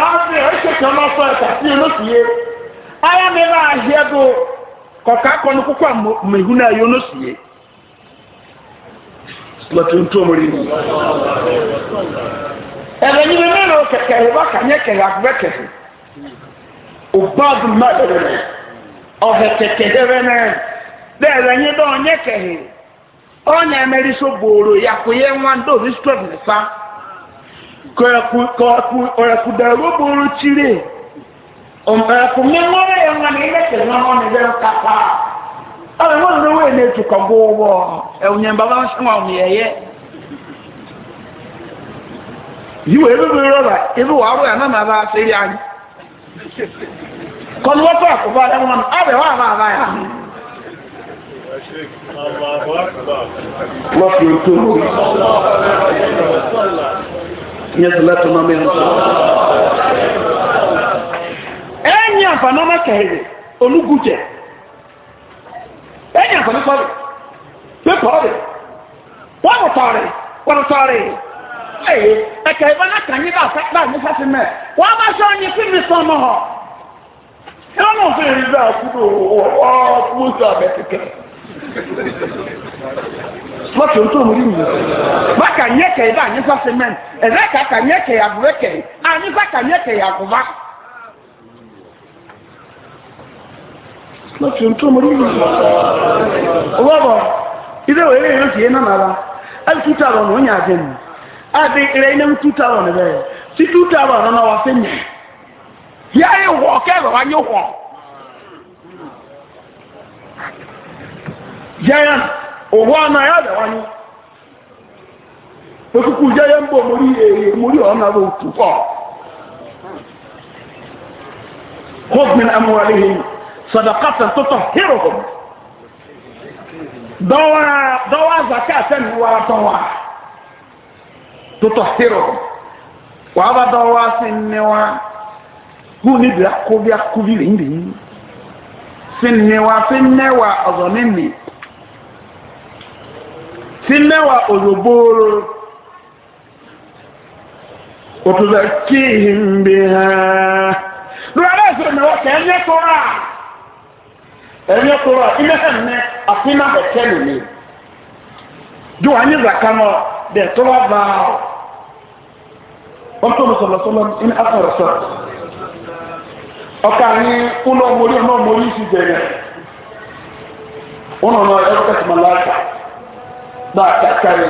no aya ba do. kọ̀ọ̀ká kọ́nu kúkú àmọ̀hún náà yóò lọ sí yé lọ́tún tó mọ̀ rí mi. ẹ̀rọ yìí mẹ́rin ò kẹ̀kẹ́ o kàní ẹ̀kẹ̀rẹ̀ àgbẹ̀ kẹ̀kẹ́ ọba àdùnmá ẹ̀rẹ̀ rẹ̀ dàrú ọmọkùn mímọ́ rẹ̀ yẹn wọn ilé tẹ̀ wọn wọn níbẹ̀ kápá ọmọ ìwọ ni wọn èlé ètò kan gbówó ẹ̀wùnyẹn bàbá ń sọ wọn yẹyẹ yíwọ ebi bi rọba ebi wà áwọ yàrá màá bá a ṣe rí anyi kọ́ni wọ́n fọ́ àkókò ẹ̀ wọn abẹ wà bá a bá yà hàn. Lọ́ọ̀kì òtò ní ẹ̀sìn lẹ́tọ̀ọ́ máa mẹ́rin sọ́ọ́ ẹni àǹfààní ọmọ kẹrẹ olúgùjẹ ẹni àǹfààní sọrọ pépọ rẹ wọn tọ rẹ wọn tọ rẹ ẹyẹ ẹkẹ ìbọn náà kàn yín bá àtàkùn àmì sásì mẹ wọn bá sọ ọyìn sí mi sọmọ họ ẹ wọn náà fẹẹ rí bá àkúrò ọ fún oṣù abẹ kẹkẹ mọ́tò tó mú yìí bákà nyẹ́kẹ̀ ìbá àyínsá sẹ́mẹ́ntì ẹ̀rẹ́kà kà nyẹ́kẹ̀ àbúrẹ́kẹ̀ àyínsá kà nyẹ́kẹ̀ àbúrẹ́kẹ̀. láti ohun tó mọ̀ ní ìlú ọwọ́ ilé ìwé eré yóò ṣe é náà lára ẹni tú ní oyin àjẹ́ mi àti ìrẹ́ iná tú ní bẹ́ẹ̀ sí tú náà wá sí mi yá yé wọ̀ kẹ́rọ̀ wá yé wọ̀ jẹ́yà òwò wá ní sadakata tó tọ̀ hírò hàn dọ́wọ́ azaka sẹ́ni wà tán Wa tó tọ̀ hírò hàn wà á bá dọ́wọ́ sẹ́ni wà hu ni bi akubi akubi lè ndè yín sẹ́ni wà sẹ́ni wà ọ̀zọ̀ nínú sẹ́ni wà òyòbóró òtútù kí n bì hàn lórí ẹ̀sìn mi wọ́n kẹ́ ẹ́ ní ɛnyɛ koro a ime hɛ mɛ afi ma hɛ kɛ nomi do anyi zaka nɔ dɛ tɔba baa ɔtɔ musɔlɔ sɔlɔ ɛni afɔrɔ sɔrɔ ɔka anyi ɔnɔ mori ɔnɔ mori si dɛnɛ ɔnɔ nɔ ɛfɛ kɛsima laata ba kakari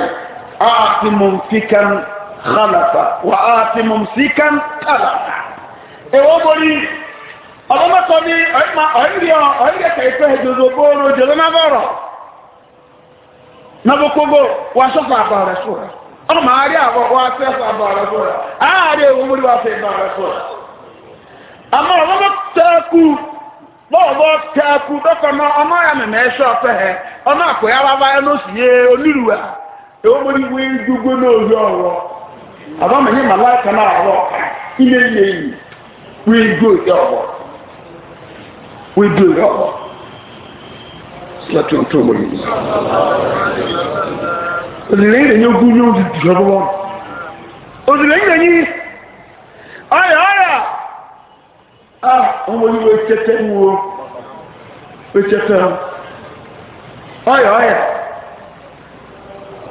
aati mumsikan khalafa wa aati mumsikan talafa ɛwɔ mori. ọlọ́mọ́tọ́ ní ọ̀yíkẹ́ kẹfẹ́ bọ́ọ̀bọ́ tẹ́ẹ̀kù dọ́kọ̀nà ọmọ ya mẹ̀mẹ́ ẹ̀ṣọ́ ọ̀fẹ́ ẹ̀ ọmọ àkọ́yára bá ẹnu sì yé onírúwà ewu múrí wí dúgbó náà orí ọ̀rọ̀ màláìkà náà ilé ilé yìí ìjọ ọ̀rọ̀ We do ọ̀ láti ọ̀tọ́ ọmọ yìí. òdìlẹ̀ yìí lẹ́yìn ogún yóò di jù lọ́wọ́ òdìlẹ̀ yìí lẹ́yìn ọ̀rẹ́ ọ̀rẹ́ à ọmọ yìí wọ́n tẹ́tẹ́ mú o wọ́n tẹ́tẹ́ ọ̀rẹ́ ọ̀rẹ́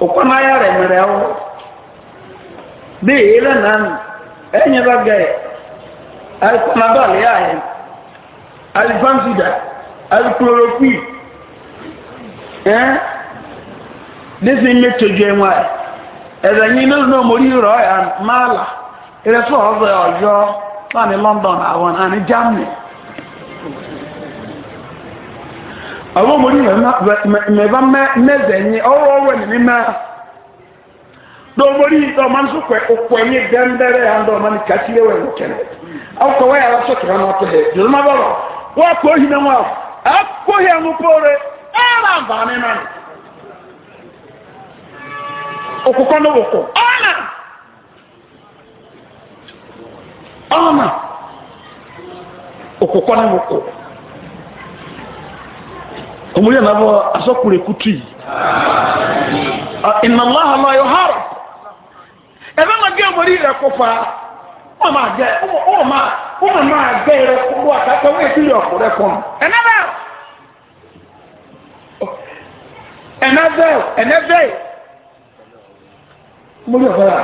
òkú náà yà rẹ̀ mẹ̀rẹ̀ ọ̀ bẹ́ẹ̀ yìí lẹ́nà ẹ̀yìn bá gẹ̀ ẹ̀kọ́ náà bá lè yà yẹn. alifamsida alikilorokwi ɛn desi mme tsodzo enwa yi ɛdɛ nyi ne rɔ ya maala ereso ɔvɛ ɔyɔ fani london awon ani germany mɛ mɛzɛ nyi ɔwɔ ya kati lɛ wɛ wɔ wɛ wọ́n kó ohi náà wọ́n á kó ohi ẹnu pọ́ọ̀rẹ́ ẹ̀rọ na náà òkùnkọ́ ní òkù ọ̀nà ọ̀nà òkùnkọ́ ní òkù òmùlẹ̀ náà bọ́ asọ́kùnrin kútù yìí ìnà ńlá àmà yóò hàrọ̀ ẹ̀fẹ́ máa gé ọmọdé rẹ̀ kọfà ụmụ wọ́n máa bẹ́ rẹ kúrò àtàkọ́ wọ́n èsì yọ̀ kúrẹ́ fún un. ẹ̀nà bẹ́ẹ̀ ẹ̀nà bẹ́ẹ̀ ẹ̀nà bẹ́ẹ̀ mo yọ̀ fẹ́ra.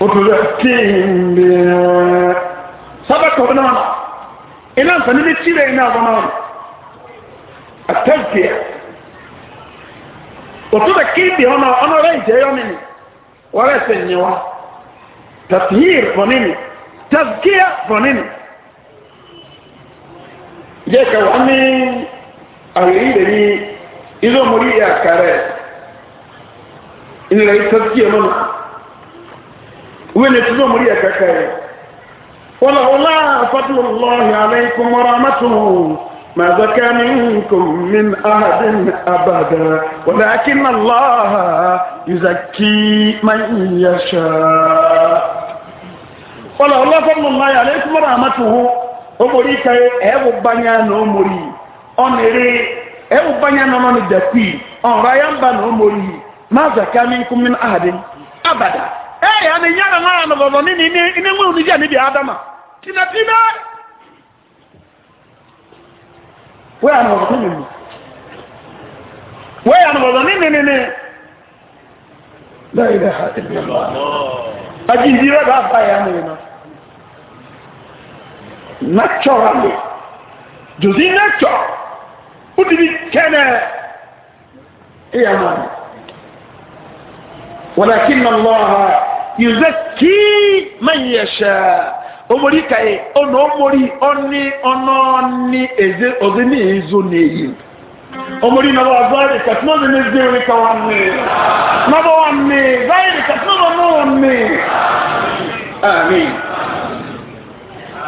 o tún bẹ kíndé sábàtọ̀ ọ̀dọ́ náà iná nfààní bí tìrẹ̀ iná ọ̀dọ́ náà àtẹ̀kẹ́ o tún bẹ kíndé ọ̀nà ọ̀nà rẹ̀ ìjẹ́yọ́ mi ni wọ́n rẹ̀ sẹ̀ ń yẹ wá. تطهير فنين تزكية فنين جاك وعني أهلي لي إذا مريء كاره إن لا تزكية من وين تزو مريء كاره ولا ولا فضل الله عليكم ورحمته ما زكى منكم من أحد أبدا ولكن الله يزكي من يشاء wala Allah fadlu Allah alaykum rahmatuhu omori kai ebu banya na ọ banya na no dafi on rayan ba na omori ma zaka minkum min abada e, ya ni na na bobo ni ni ni nwu ni je ni bi adama tina tina we ana ni ya na naturally josi nature ó ti di kẹ́nẹ̀ ìyá wọn. ولكن الله يزكي من يشاء omori kaye ọna omori ọni ọna ọni eze ọdẹ ní ezo na eyi omori na wa zọrọ ìkàtúmọ̀ ní ezi orí ka wa mi na wa amen.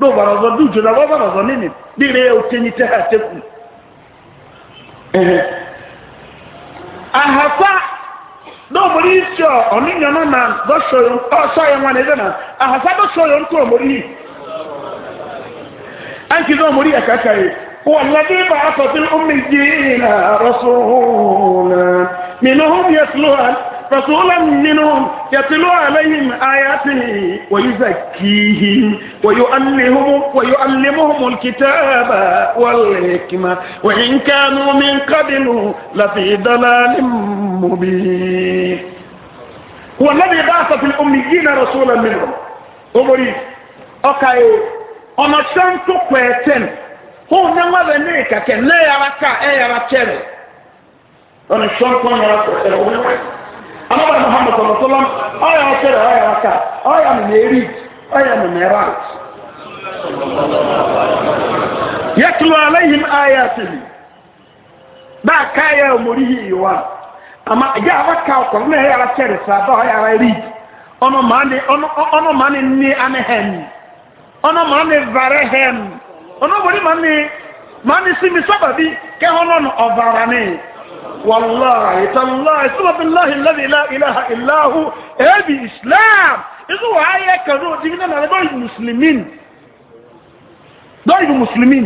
do barazo du je dawa nini dire utenyi te hateku ahafa do muri sho oninya na do sho yo o sho yo na eze na ahafa do sho yo nto muri anki do muri akaka yi والذي بعث في الأميين رسولا منهم رسولا منهم يتلو عليهم آياته ويزكيهم ويؤلمهم, ويؤلمهم الكتاب والحكمة وإن كانوا من قبل لفي ضلال مبين هو الذي بعث في الأميين رسولا منهم أمري أوكي أنا شنتو كويتن هو نما بنيكا كن لا يراكا أي يراكا أنا شنتو يراكا أي يراكا anaba muhammad sallallahu alaihi wasallam aya sere aya aka aya mi na eri aya mi na yatlu alaihim ayatihi da kaya murihi yiwa ama ya abaka ko na ya ara sere sa do ya ara eri ono mani ono ono mani ni anehem ono mani varehem ono bori mani mani simi sababi ke hono no ovarani wallahi tallahi sọ́bà billahi alladhi la ilaha illa hu ẹ̀bì islam inú wà áyẹ kẹrọ òdìrí náà lọ ìlú muslimin lọ́ìlú muslimin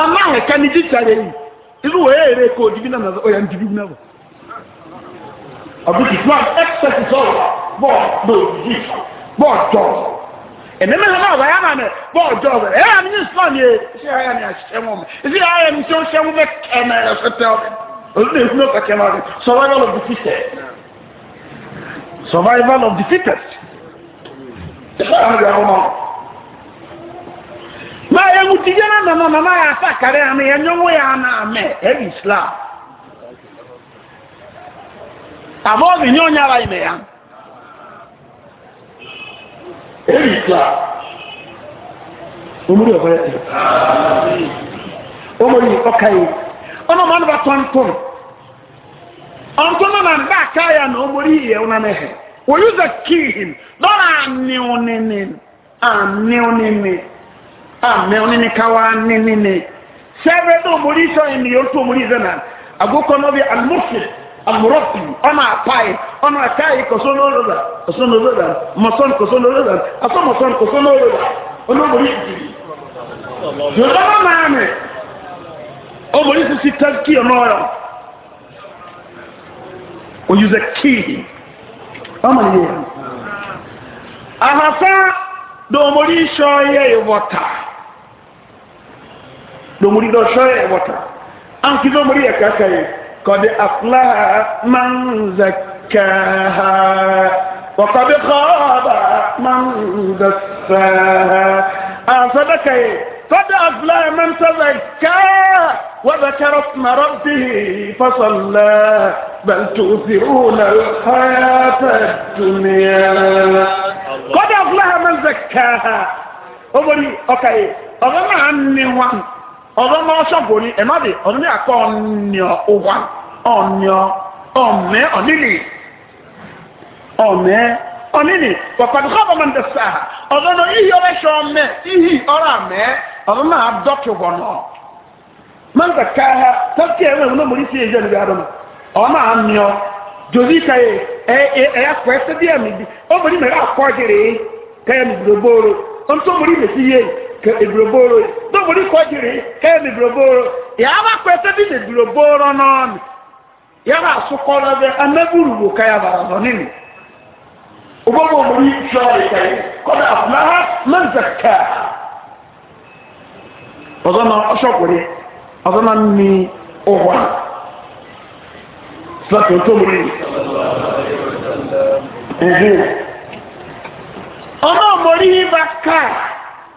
àmà ẹ̀kẹ́ ni jíjàrẹ̀ yìí inú wà èrè kọ òdìrí náà lọ ọ̀yà ìdìrí náà ọ̀bùkù islam ẹ̀kẹ́ sọ́ọ̀ bọ́ọ̀ bọ́ọ̀ jọ ɛnɛmɛ hɛn a wɔyɛ ama mɛ bɔɔl dɔɔ bɛ ɛyɛ ami ni sɔɔ ni ye ɛsɛ ayɛ ni ahyɛ mu ɛsɛ ayɛ ni sɛw sɛw bɛ kɛmɛ ɛsɛ tɛw olu de ekun bɛ kɛmɛ ɔdi survival of the fittest survival of the fittest ɛsɛ ayɛ ni ɔmɔ maa yɛ ŋuti yɛ na nana nana yɛ afa kari ami yɛ nyɔnwo yɛ ana amɛ ɛyɛ islam abɔɔbi nyɔnya la yi mɛ yan. èyí ìtura omúri ọkà yìí ọmọ tọ́ntọ́n ọ̀ntọ́n náà bá ká yà yìí ọ̀nà mẹ́hẹ̀ wọ́n yóò àníwọ̀nìní àníwọ̀nìní àníwọ̀nìní káwá níníní ni yóò tó yìí náà àgókò náà bí amurọ́pì ọ̀nà àpáyé ọ̀nà àkáyé kọ̀sọ́ n'olóda kọ̀sọ́ n'olóda mọ̀sán kọ̀sọ́ n'olóda asọ́mọ̀sán kọ̀sọ́ n'olóda olóbòrí ìjìrì yorùbá bá máa mẹ́ obìnrin sísí tẹ́kì ọ̀nà ọ̀rọ̀ oyùzẹ̀ kíì ọmọ yẹn àhàfá dòmórí sọ yẹ ìwọ̀ta dòmórí lọ sọ yẹ ìwọ̀ta àǹkí dòmórí ẹ̀ka kẹyẹ. قد أفلح من زكاها وقد خاب من دساها أصدك آه، قد أفلح من تزكى وذكر اسم ربه فصلى بل تؤثرون الحياة الدنيا قد أفلح من زكاها أمري أوكي أغنى عني وأنت ọ̀rọ̀ náà ṣọ́gbò ni ẹ̀mọ́dé ọdún àkọ́ ọ̀nìyàn òwà ọ̀nìyàn ọ̀mẹ́ ọ̀nìlì ọ̀mẹ́ ọ̀nìlì pọ̀pọ̀dù ọ̀rọ̀ náà ihi ọ̀rẹ́ ṣọ ọ̀mẹ́ ihi ọ̀rọ̀ àmẹ́ ọ̀rọ̀ náà dọ́kì wọ̀ náà ọmọdé ka eburoboro dɔbɔli kɔjiri ka eburoboro yaba kpɛtɛ bi le buroboro nɔɔni yaba asukɔlɔ bɛ amebulubu ka yaba azɔni mi o bɛ bɔ mori filawo yi ka yi kɔmi afulaha mɛnzaka ɔzɔna ɔsɔkuri ɔzɔna mi ɔwa silasi o tomori ɔzɔ ɔmɔ mori yi ba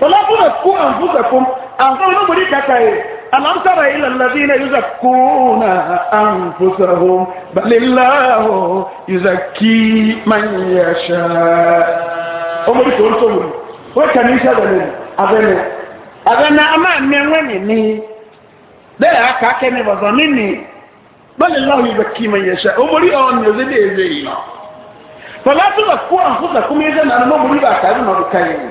فلا تزكوا أنفسكم أنفسكم نبري كتاي ألم تر إلى الذين يزكون أنفسهم بل الله يزكي من يشاء أمري تقول تقول وكان يشهد لنا أبنى أبنى أما أمني ده أكاكني وظنني بل الله يزكي من يشاء أمري أن يزيد إزينا فلا تزكوا أنفسكم إذا أنا ما أمري بأكاد ما بكاين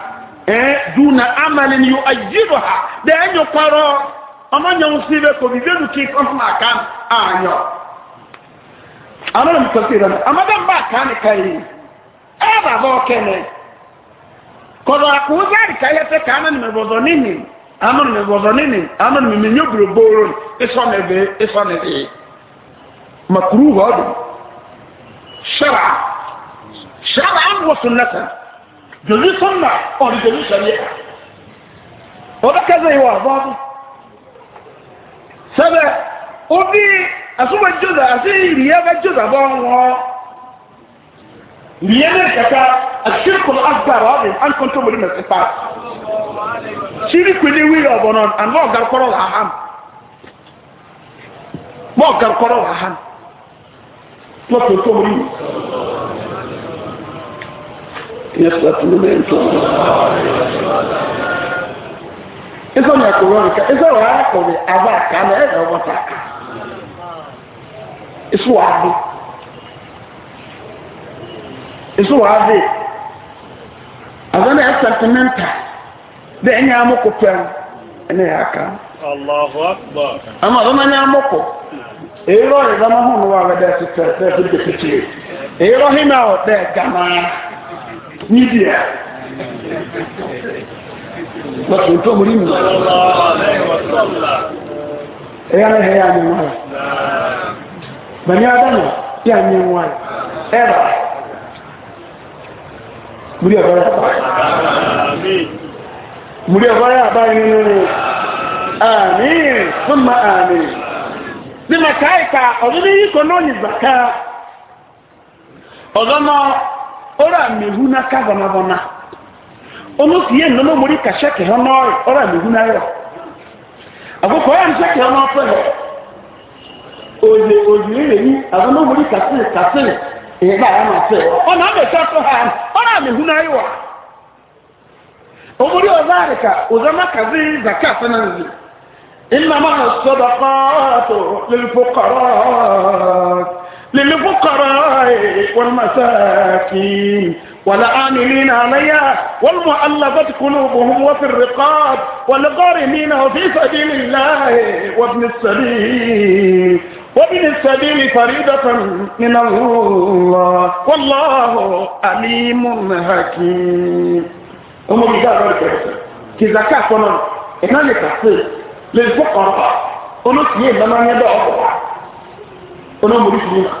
eh duna amalin yu'ajjiruha da yanyo paro ama nyon sibe ko bibe du ki ko ma kan anyo ana mu tafsira ama dan ba kan kai e eh, ba ba kene ko ra ku zari kai te kan ni me bozo nini ama me bozo nini ama me me nyobro e eso ne be eso ne be makruh hado shar'a shar'an wa sunnatan jòlí sọ́nà ọ̀nà jòlí sọ́nà ọ̀dọ́kẹ́sẹ̀ ìwà àbọ́dún sẹ́bẹ̀ ó bí àsúnmọ̀ jòdà àti ìrìyẹ́ bẹ́ jòdà bọ́ wọn ìrìyẹ́ bẹ́ kẹta àṣírkùn agbára ọ̀dẹ̀ àǹkọ́ntọ́mọ̀lì mẹ́sìpá ṣírìkù ní wíyọ̀ ọ̀bọ̀ náà àná ọ̀gárkọ́rọ̀ làhán mọ́ ọ̀gárkọ́rọ̀ làhán lọ́tọ̀ọ̀tọ̀ mọ́ nesta momento. Esa mi económica, esa va a comer a la cama, es la bota. Es suave. Es suave. Azan es sentimental. De enya amoko pen, ene yaka. Allahu Akbar. Ama zama nya amoko. Eyo ni zama hunu wa ga da su ta da su da kici. Eyo hina o da gama. media lọ́pọ̀ nto mú rí mi ẹ̀yà ẹ̀yà yà ni wọ́n bẹ̀ni adánà yà ni wọ́n ẹ̀rà múrí ọ̀bọ̀rẹ́ àbáyé múrí ọ̀bọ̀rẹ́ àbáyé nínú àmín fún ma àmín bí màkà ìka ọ̀dún ní yíkọ̀ náà ora mehu na ka bona ono fiye no no ka sheke ho no e. ora mehu na yo ago ko ya ho no pe ni no ka se ka se e ba ya no se o na be ka ha ora mehu na yo omuri ozare ka ozama ka zi zakat na للفقراء والمساكين والعاملين عليها والمؤلفة قلوبهم وفي الرقاب والغارمين وفي سبيل الله وابن السبيل وابن السبيل فريدة من الله والله عليم حكيم أمر الله كذا كافنا إننا نتحصيل للفقراء ونسيه لما يدعوه ونمر الله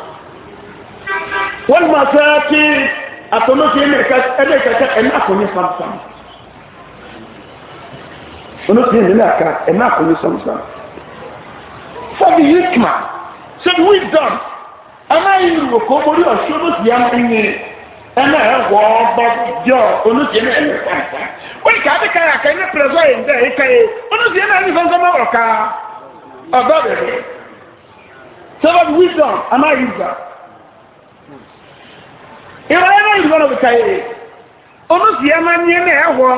wọ́n máa fẹ́ kí àtọ́lọ́sẹ̀ ẹ̀dẹ́ kẹta ẹ̀ná àkọ́ni samsam olóṣèlú ẹ̀dẹ́ àká ẹ̀ná àkọ́ni samsam sẹ́bi yikma sẹ́bi wisdom anáyí rògbò mórí ọ̀ṣun olóṣèlú ẹ̀ná ẹ̀yìn ẹ̀ná ẹ̀wọ̀ ọba jọ olóṣèlú ẹ̀ná samsam wọ́n kì í adé káyà kẹ́ ẹ̀ná pẹ̀lẹ́sọ̀ yìí dẹ́ ẹ̀ka yẹ olóṣèlú ẹ̀ná ẹ̀ní samsam ọ̀ka ọ̀dọ́ bẹ̀rẹ̀ sẹ́bi wisdom anáyí rògbò ìrọ̀lẹ́ náà ìlú ọ̀rọ̀ bìtàyè onúsìyẹ máa ń yé ní ẹ̀họ́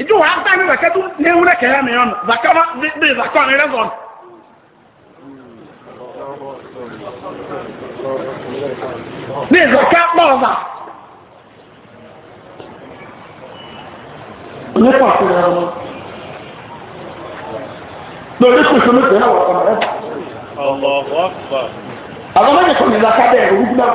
ìjú wàá ń tàbí bàkẹ́ tó ní ewúrẹ́ kẹ̀yà mi ọ̀nà bàkẹ́ bí bàkọ́ mi rẹ́ zọ̀nù. bí bàkẹ́ pọ̀ ọ̀bà. ní pàṣẹ rẹ wọn lórí kùsùn ní pẹ̀lú àwọn ọ̀pọ̀ rẹ. àwọn méjì kò ní bàkẹ́ bẹ́ẹ̀ òwúgbọ́n.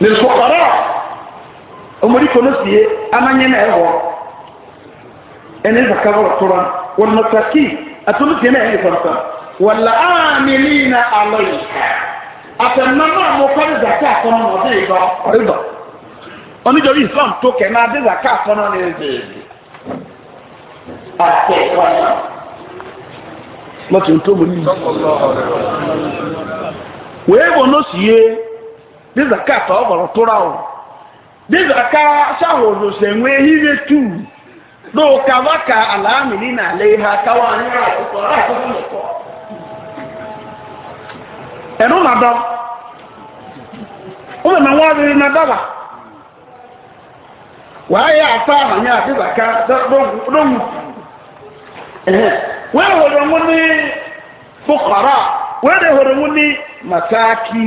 lilfukara omoriko no sie amanye na ɛwɔ ɛne zaka bɔ tora walmasaki atono sie na ɛyɛ kɔnsa wala amilina alɔyi atɛnama a mɔkɔ de zaka akɔnɔ na ɔde ibɔ ɔrebɔ ɔne jɔbi islam to kɛ na ade zaka akɔnɔ na ɛde atɛ kɔnɔ mɔtò ntɔmɔ ni wɛɛbɔ no sie. dị zakat ọ gbara tụrụ ahụ dị zaka shahụzụ so enwe ihe tu n'ụka maka ala amịrị na ala ihe akawa anyị ẹnu na dọ ụmụ na nwa riri na dọba wàá yẹ afa àmànyà àti zaka dọwù wẹ́ẹ̀ hòrò wọn ní fukara wẹ́ẹ̀ hòrò wọn ní masaki.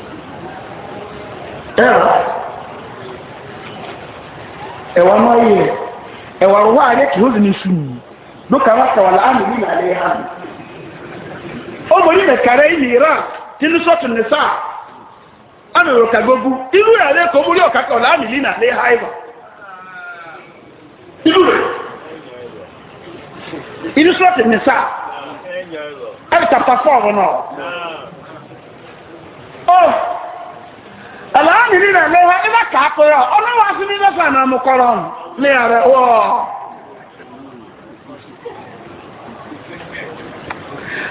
ẹ̀rọ ẹ̀wà máa yẹ ẹ̀wà rọwọ́ ayé kìí ó sì ní sùn lókà wá kàwà láàmì ní ìlàlẹ̀ ha ó mọ̀ ní mẹ̀kàrẹ́ ilẹ̀ iran tí ní sọ́tù ní sáà àmì òrùka gbogbo inú rẹ̀ rẹ̀ kò mú rí ọ̀kà kàwà láàmì ní ìlàlẹ̀ ha ìwà inú rẹ̀ inú sọ́tù ní sáà ẹ̀rọ tàpá fọ́ọ̀rọ̀ náà ala ahụ niile na ihe ebe akụ ya ọnụ nwa asị niile fa na mụkọrọ m n'ịghara ụọ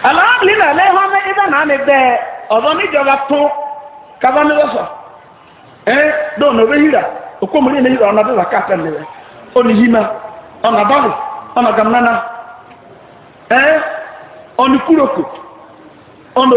ala na ọnụ ebe na anyị bee ọzọ n'ijọba tụ kaba n'ụzọ ee dọọ na obe hira na ọ na-adọba kaata ọ na ihima ọ na balụ ọ na gamnana ee ọ na kuroko ọ na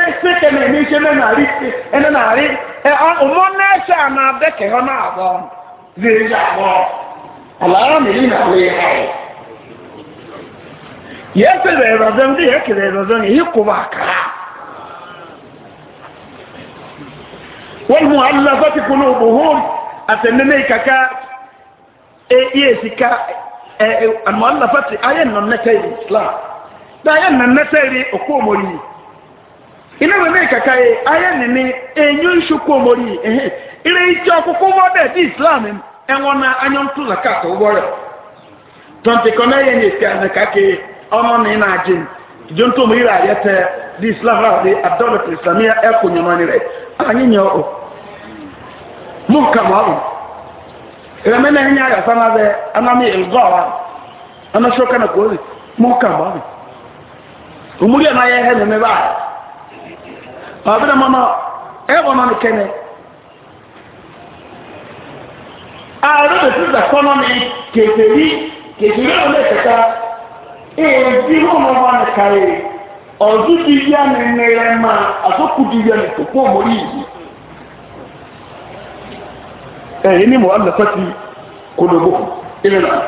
ẹ̀kẹ́ náà ẹ̀mí ṣe náà nàárí ẹ̀nà nàárí ẹ̀ ọmọ náà ṣe àná abẹ́kẹ̀ hàn náà bọ̀ zèrè yà bọ̀ àlàyé mi ní nàá lè hà ó. yẹ kẹlẹ ẹrọdọ ndé yẹ kẹlẹ ẹrọdọ ní èyí kò bá kà á. wọ́n mu aláfẹ́ ti kunu òbòhùn àtẹnudẹ́ kàkà ẹ̀ yẹ sika ẹ̀ ẹ̀ àmọ́ aláfẹ́ ti ayé nà nẹ́tẹ̀ yìí islam náà ayé nà nẹ́tẹ̀ yìí òkú òmòrì yìí ina bɛ ne kaka ye a ye nin ni enyo isu komori ye ire ijɔ koko wɔ dɛ di islam ɛwɔ na anyɔ tu la kaa tɔw wɔrɛ tɔntikɔ ne ye nin fia ne ɔmɔ ni na adi jonto mu yira ayɛ tɛ di islam la de adɔlɔ ti islamia ɛko nyɔnɔ ni rɛ anyi nyɛ o mu kama o ɛmɛ ne nya yɛ fana bɛ anami ilgɔ wa ana sɔ kana kori mu kama o omuli yɛ na yɛ hɛ ne ne abin mama ẹwọ na nìkẹnẹ ààrẹ bẹ sí ìdàkọ́nà ní kèfèrí kèfèrí ọ̀nà ìkẹta èèdì rúmọ̀ wọn na ọ̀dún ti yá ní nìrẹ̀ máa àtọ́kù di yá ní tòpó mórí yìí ẹ̀yìn ni mọ̀ alẹ́fẹ́tì kólóbó ilẹ̀ náà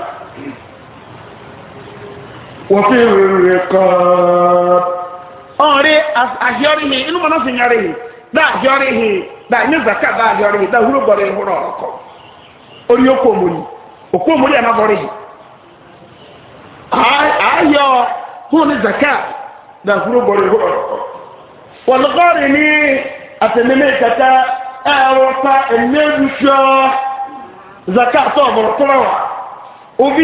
wọ́n fi Ọrị ahịọrịghị inú mọ̀ náà ahịọrịghị dá ní zaka baa ahịọrịghị dá húrò gbọrọ ìhúrò ọkọ orí okwu omuli, okwu òmùrì àná bọrọ yìí ha zaka dá húrò gbọrọ ìhúrò ọkọ zaka obi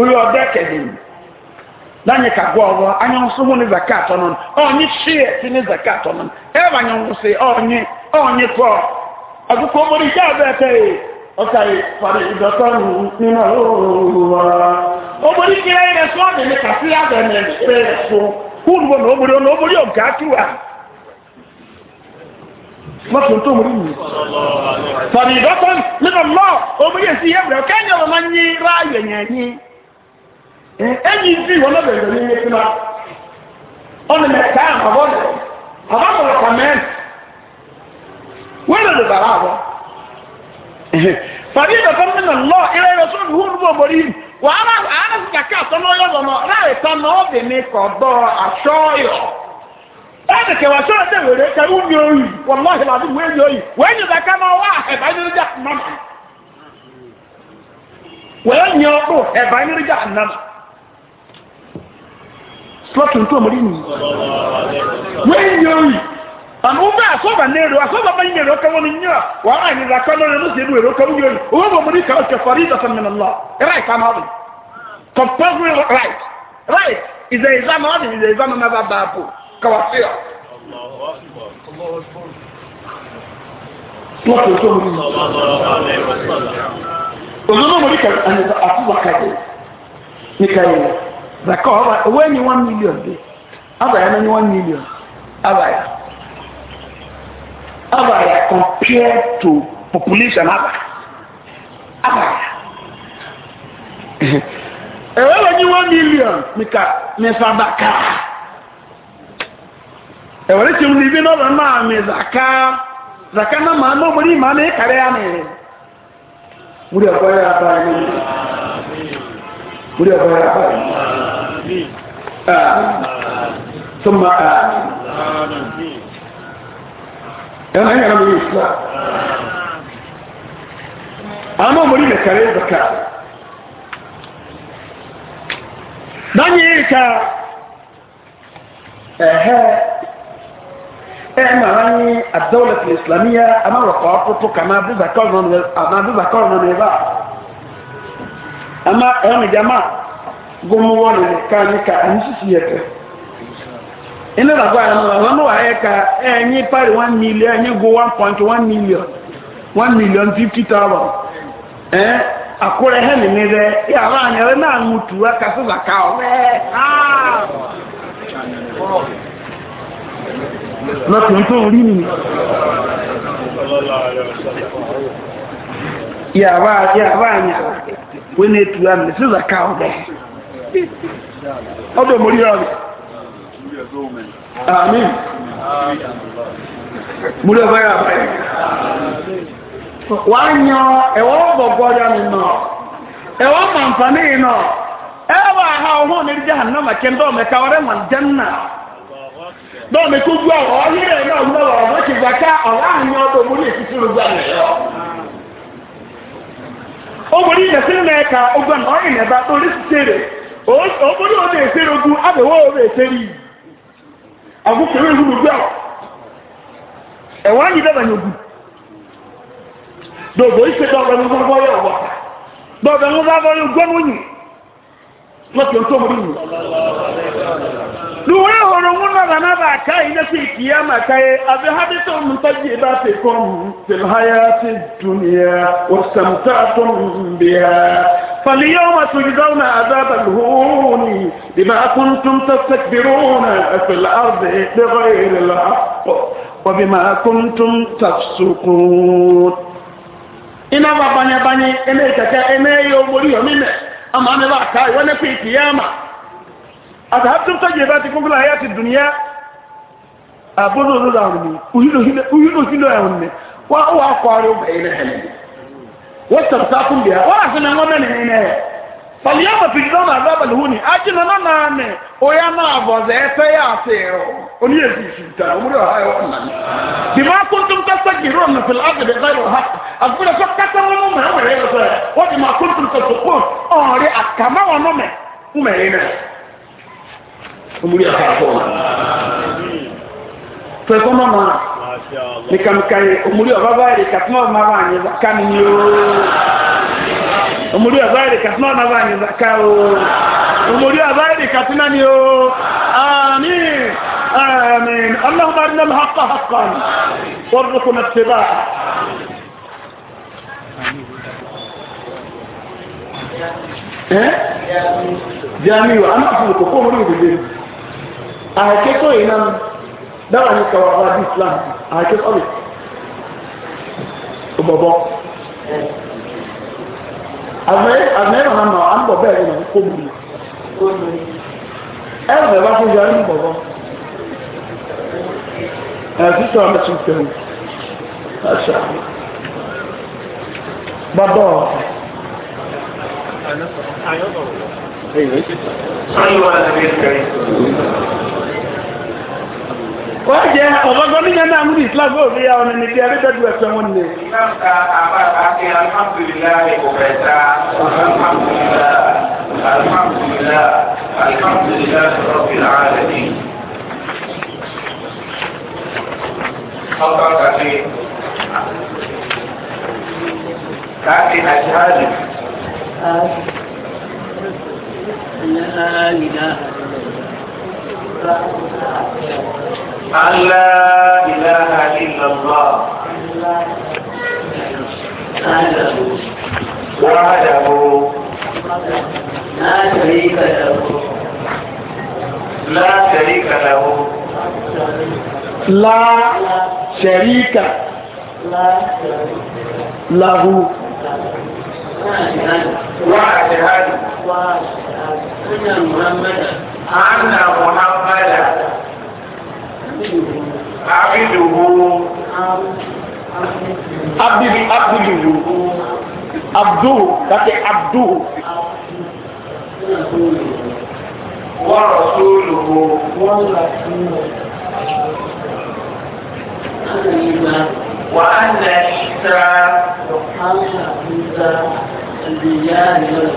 oyi ọdẹ kẹdìm n'anyị ka gụọ ọrụ anya nso hụ n'izaka atọ nọ ọnyị shie si n'izaka atọ nọ ebe anya nwụsị ọnyị ọnyị tụọ ọdụkọ omori ihe abụọ eteghị ọkaghị kwara ịdọta n'ime ọrụwa omori ihe ya ire sụọ dị n'ịka si ya bụ eme ire sụ kwuru na omori ọnụ omori nke atụwa mọ́tò tó mú rí nínú lọ́ọ̀ omori èsì yẹ́ bẹ̀rẹ̀ kẹ́yìn ẹ̀yìn sí wọn náà bẹ̀rẹ̀ ní ẹ̀sìn náà ọ̀nà mẹ̀ká àbọ̀ rẹ̀ àbá bọ̀rọ̀ kàmẹ́ẹ̀n wọ́n lè bàrà àbọ̀ fàbí ìdọ̀tọ́ mi nà lọ ilé rẹ̀ sọ́dún hùn bọ̀ bọ̀rí wà á rà sí kàkà àtọ́nà ọyọ́ lọ́nà láì tán náà ó bẹ̀ mí kọ̀ dọ́ aṣọ yọ láti kẹwà sọ́dọ̀ tẹ̀ wẹ̀rẹ̀ kẹ́ wọ́n mi òyì wọ́n lọ́ọ̀hìn láti wọ́n mi òyì wọ́n yìí dàkà náà wá ẹ̀bá yìí dàkà náà wọ́n yìí ọdún ẹ̀bá yìí dàkà náà slotting tó mọ̀rí nìyí. wẹ́n yẹ oyi àmọ́ wọ́n bá asọ́ba ní èrò asọ́ba bá yẹ èrò kan wọn ní yẹ wà á yẹ ìdàkọ́ lórí ẹnu sí èrò kan yẹ oyi owó bọ̀ mọ̀rí kan ọ̀kẹ́ fọ́rí ìdọ̀sán mi nìlọ ẹ̀rá ìka náà rẹ̀ compulsory right right ìzẹ̀ ìzá náà rẹ̀ ìzẹ̀ ìzá náà bá bàá bò kàwá sí ọ. slotting tó mọ̀rí nìyí. òzòló mọ̀rí kan àti àtúbọ̀ kàdé ní kàyé wọn. zaka ọba owe nye one million dị abaya ya menye one million abaya abaya compared to population aba abaya ya ewe wenye one million mika mesa baka ewere ti mu ibi n'ọba mma mi zaka zaka na ma ama omori ma na ịkara ya na ere wuri ọgbọ ya aba ya ولي أبا يا آمين آه. ثم آمين آه. أنا هنا امين الإسلام أما مريد كريم بكار دعني نعم إيكا إيه إعمى الدولة الإسلامية أما رقاقته كما بذكرنا أما بذكرنا نظام ama ɛwɔ ne gomu ka anyị ka anyị si yɛ pɛ ɛne na gba n'ụwa ɛno ka ɛnye pari one million go one point one million one million fifty thousand ɛn akora ɛhɛ ne dɛ yɛ ara anyɛ na ori wee na-etu ya mmiri sịza ka ọ bịa ọ bụ omori ọrịa amin ọzọ ya abịa wanyọ ẹwọ ọgbọgbọ ya nọ ẹwọ mmanfani nọ ẹwọ aha na nọ maka ndị ọmịka ma njem na dọọ mịka ugwu ya ọhụrụ obìnrin ilẹ̀ sínú náà ẹ̀ka ogun ọ̀rìn ẹ̀bá torí ṣiṣẹ́rẹ̀ obìnrin ò lè ṣeré ogun abẹ̀wọ́ ò lè ṣeré yìí àgùkèrè ìhùrù gbà ẹ̀wọ̀n yìí bẹ̀rẹ̀ ní ogun dòbò ìṣèjọba ní gbọ́dọ̀ yọ̀ wọ̀ dòbò ní gbọ́dọ̀ yọ̀ gbọ́dọ̀ yìí lọ́tí ọ̀tọ́ mọ̀ nínú. Lùwẹ́ ọ̀rọ̀ wọn náà lànà bá ká iná sí ìkìyà máa ká yẹ, àbí hábí tó ń tọ́jú ìbá fi kọ́ mu, tìlháyà ti dùnìyà, òsàmùtà tó ń bìyà. Fàlíyà ọmọ tòjúdáwò náà àdábà lóhùnì, bìbá kúntùm tó tẹ̀kbìrò náà ẹ̀fẹ̀lẹ̀ àrùbẹ̀ ẹ̀dẹ́rọ̀ ìrẹ̀lẹ̀ àpọ̀, wàbí máa kúntùm tàfsùkùn. Iná bá banyabanye, ẹnẹ́ ìkàkẹ́ ẹnẹ́ yóò borí ọ̀mí mẹ́. أما أنا لا أكاي وأنا في قيامة أذهبتم طيباتكم في الحياة الدنيا أبرر لهم أهلوا هنا أهلوا هنا يهن وأقوى أقوى بين هلم واستمتعكم بها وأحسن أمامنا هنا faliyama fìdíjọ́ náà dábàlì hù ní ajínigbà náà náà ní oyá náà bọ̀zẹ̀ ẹ̀fẹ́ yà sí ẹ̀rọ oní èsì ìsìta òmùrè ọ̀há ẹ̀wọ̀ nàní. bìmọ̀ akóntún kásá gírò nà fìlà àgbẹ̀dẹ̀ báyọ̀ ha àgbẹ̀dẹ̀ sọ kásá wọn mọ̀ ẹ̀wọ̀ rẹ̀ sọ ẹ̀ wọ́n bìmọ̀ akóntún kásá kó ọ̀rẹ́ àkàmọ́ wọn mọ̀ mọ̀ ẹ̀yìn náà omori abaire katina na bani zaka o omori abaire katina ni o amin amin اللهم ارنا الحق حقا وارزقنا اتباعه jamiu anafunko kó omori òdìdè àìkẹ́kọ̀ọ́ yìí náà dára ní kàwá bá bí islam àìkẹ́kọ̀ọ́ lè ọgbọ̀gbọ́ àmẹ́rọ̀ náà nọ àmbọ̀ bẹ́ẹ̀ ni wọ́n kó mi ẹ̀rọ bẹ̀rẹ̀ bá fún yàrá ní bọ̀bọ̀ ẹ̀sùn tó àmì tún fẹ́ mi àṣà wọ́n jẹ́ ọ̀gọ́gọ́ nígbà náà mú islam ó fi ya ọ̀nà níbi abẹ́tẹ̀dù ẹ̀sẹ̀ wọn ni. islam ka àbára kí alhamdulilayi kò fẹ́ ta alhamdulilayi alhamdulilayi alhamdulilayi rọ̀bì alẹ́bí. ọkọ kàdé kàdé àjáde. لا إله إلا الله أن لا إله إلا الله وعده لا شريك له لا شريك له لا شريك له وأشهد أن محمدا عبده abdili abdililu abduhu kati abduhu wa rasuluhu wa anna isa subhana isa al-diyani wal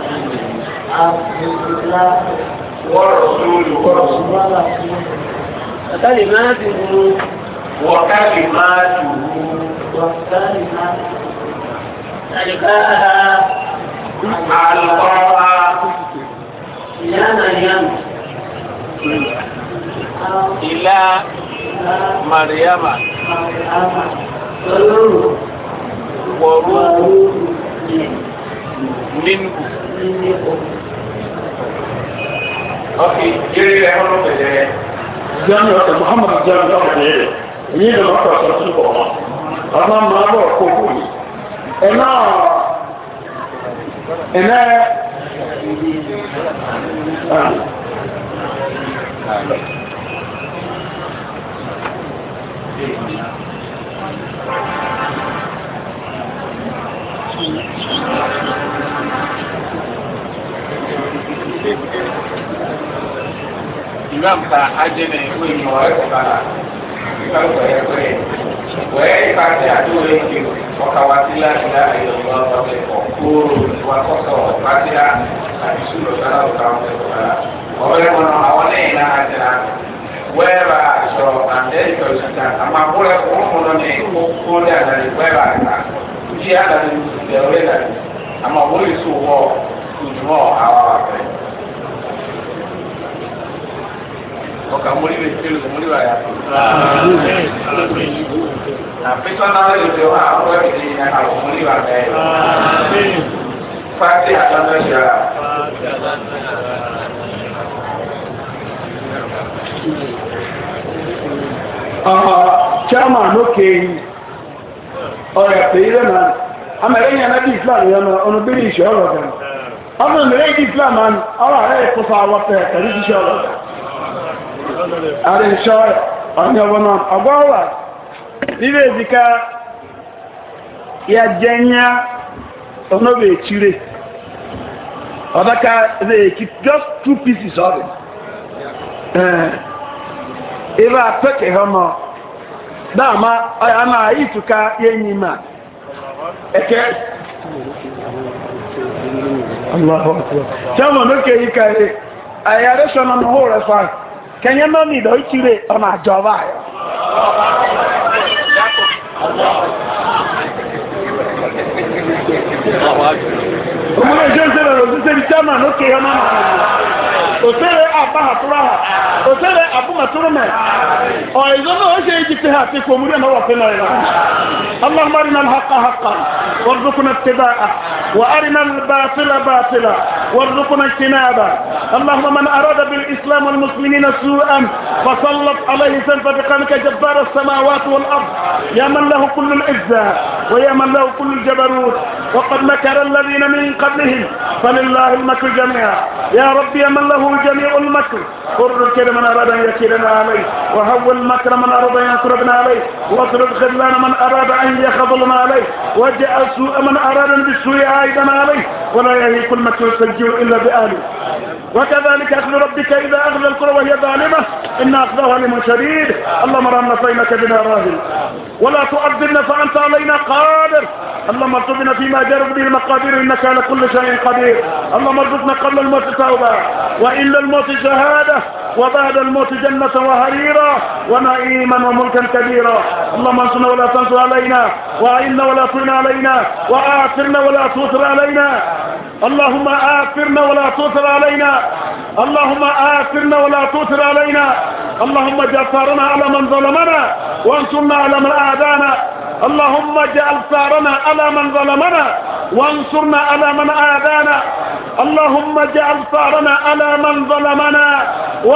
abdullah wa rasuluhu wa rasuluhu Wàtálì máa ti wù ú. Wàtálì máa ti wù ú. Wàtálì máa ti wù ú. Àlùkọ́ha. Àlùkọ́ha. Ìyáàna Yánu. Ìlà Màríyámà. Màríyámà. Wọ̀rú. Nínú. Nínú. Ok, jẹ́rìí rẹ̀ ọlọ́pẹ̀lẹ̀. jami'a ta muhammadu jami'a ta ne ni da maka sarki ba amma ma ba ko kuri ina ina Thank you. imam ka ajẹ́ ní ìwé ìmọ̀ ẹ̀kọ́ kala nígbà wọ̀nyẹ wọ̀nyẹ wọ̀nyẹ ipa tí a tó lè ju ọkà wa ti láti dá ìyọ̀gbọ́n ọ̀fẹ́ ọ̀kóró ìwà kọ́kọ́ ọ̀pátìlá àti sùlọ sára ọ̀kà ọ̀fẹ́ kọ́kọ́lá ọ̀rẹ́ wọn àwọn lẹ́yìn náà àti náà wẹ́ẹ̀rà àṣọ àtẹ́yìntọ́ ìṣìṣà àmọ́ àbúrẹ́ òun ní kó dé àdàlẹ́ wẹ́ẹ̀rà àgbà kùjì àdàlẹ́ ìṣìṣẹ́ orí àdàlẹ́ àmọ́ àbúrẹ́ ìṣòwò ojúmọ́ àwọn àfẹ́. ọkà múlíwè sílù múlíwè àyàtò. àpéjọ náà lè jọ àwọn ìdí àwọn múlíwè àbẹ. fàtí àtàlẹ́ ṣẹlá. chairman oke ọ̀rẹ́ pé ilé náà yẹn náà bí islam yẹn náà ọ̀nà bí ìṣẹ́ ọ̀rọ̀ gan ọ̀nà mẹ̀rẹ́ ìdí islam náà ọ̀rọ̀ àrẹ́ ìkọsọ àwọn pẹ̀lú ìṣẹ́ ọ̀rọ̀ gan ààrẹ ìṣọ́ ọ̀nyọ̀bọ̀nà ọgọ́wà níbi èzìká ya jẹnya ọ̀nọ́bẹ̀ èkyire ọ̀dọ́ka ẹ̀dẹ̀ èkí just two pieces of it eh, ebe a pẹ́kẹ̀ hɔ nọ dáàmà ọ̀yàmà ayítuka yẹ́nyí mà ẹ̀kẹ́ Allah akbar. Sáwọn lókè yìí kàrí, àyàrẹ́sọ̀nà nù hó rẹ̀ fáà kẹ̀yẹ́ náà ní ìdọ̀ ìkírè ọ̀nà àjọba yọ. Òmùnà ìjọ ìṣẹ̀lẹ̀ rẹ̀ òṣìṣẹ́ ibi chairman ló kéèyàn máa nà ọ̀nà. Òṣèré àbáhàtúrà hà. Òṣèré àbúmọ̀túrùmẹ̀. Ọ̀ìzọ́ náà ó ṣe é jìtì hà àti kò múlẹ̀ náà wà fún náà yẹn. Allahumma arina al-haqqa haqqan warzuqna ittiba'a wa arina al الباطل باطلا وارزقنا اجتنابا اللهم من أراد بالإسلام والمسلمين سوءا فسلط عليه سلف بقامك جبار السماوات والأرض يا من له كل العزة ويا من له كل الجبروت وقد مكر الذين من قبلهم فلله المكر جميعا يا ربي يا من له جميع المكر قر الكيد من أراد أن يكيدنا عليه وهو المكر من أراد أن يكربنا عليه واطرد خذلان من أراد أن يخذلنا عليه واجعل سوء من أراد بالسوء عائدا عليه ولا يهيك المكر السجير إلا بأهله وكذلك أخذ ربك إذا أخذ القرى وهي ظالمة إن أخذها لمن شديد اللهم رحمنا فإنك بنا راهل ولا تؤذبنا فأنت علينا قادر اللهم ارزقنا فيما جرت به المقادير إنك على كل شيء قدير اللهم ارزقنا قبل الموت التوبة وإلا الموت شهادة وبعد الموت جنة وهريرا ونعيما وملكا كبيرا اللهم انصرنا ولا تنصر علينا وأئنا ولا تؤثر علينا وآثرنا ولا تؤثر علينا اللهم آثرنا ولا تؤثر علينا اللهم آثرنا ولا تؤثر علينا اللهم ثارنا على من ظلمنا وانصرنا على من آذانا اللهم اجعل ثارنا على من ظلمنا وانصرنا على من آذانا اللهم اجعل ثارنا على من ظلمنا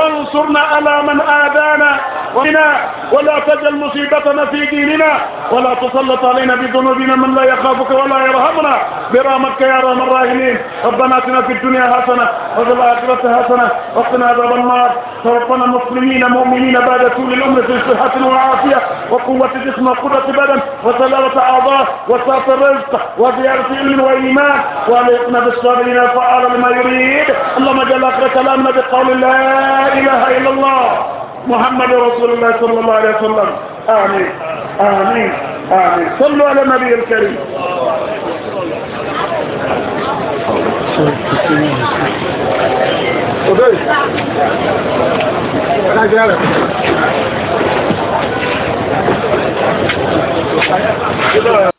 وانصرنا على من آذانا ومنا ولا تجل مصيبتنا في ديننا ولا تسلط علينا بذنوبنا من لا يخافك ولا يرحمنا برامك يا رحم الراحمين ربنا اتنا في الدنيا حسنه وفي الاخره حسنه وقنا عذاب النار توفنا مسلمين مؤمنين بعد طول الامر في صحه وعافيه وقوه جسم وقدره بدن وسلامه اعضاء وسعه الرزق وزياده علم وايمان والحقنا بالصابرين الفعال لما يريد اللهم جل اخر كلامنا بقول لا إله إلا الله محمد رسول الله صلى الله عليه وسلم آمين آمين آمين صلوا على النبي الكريم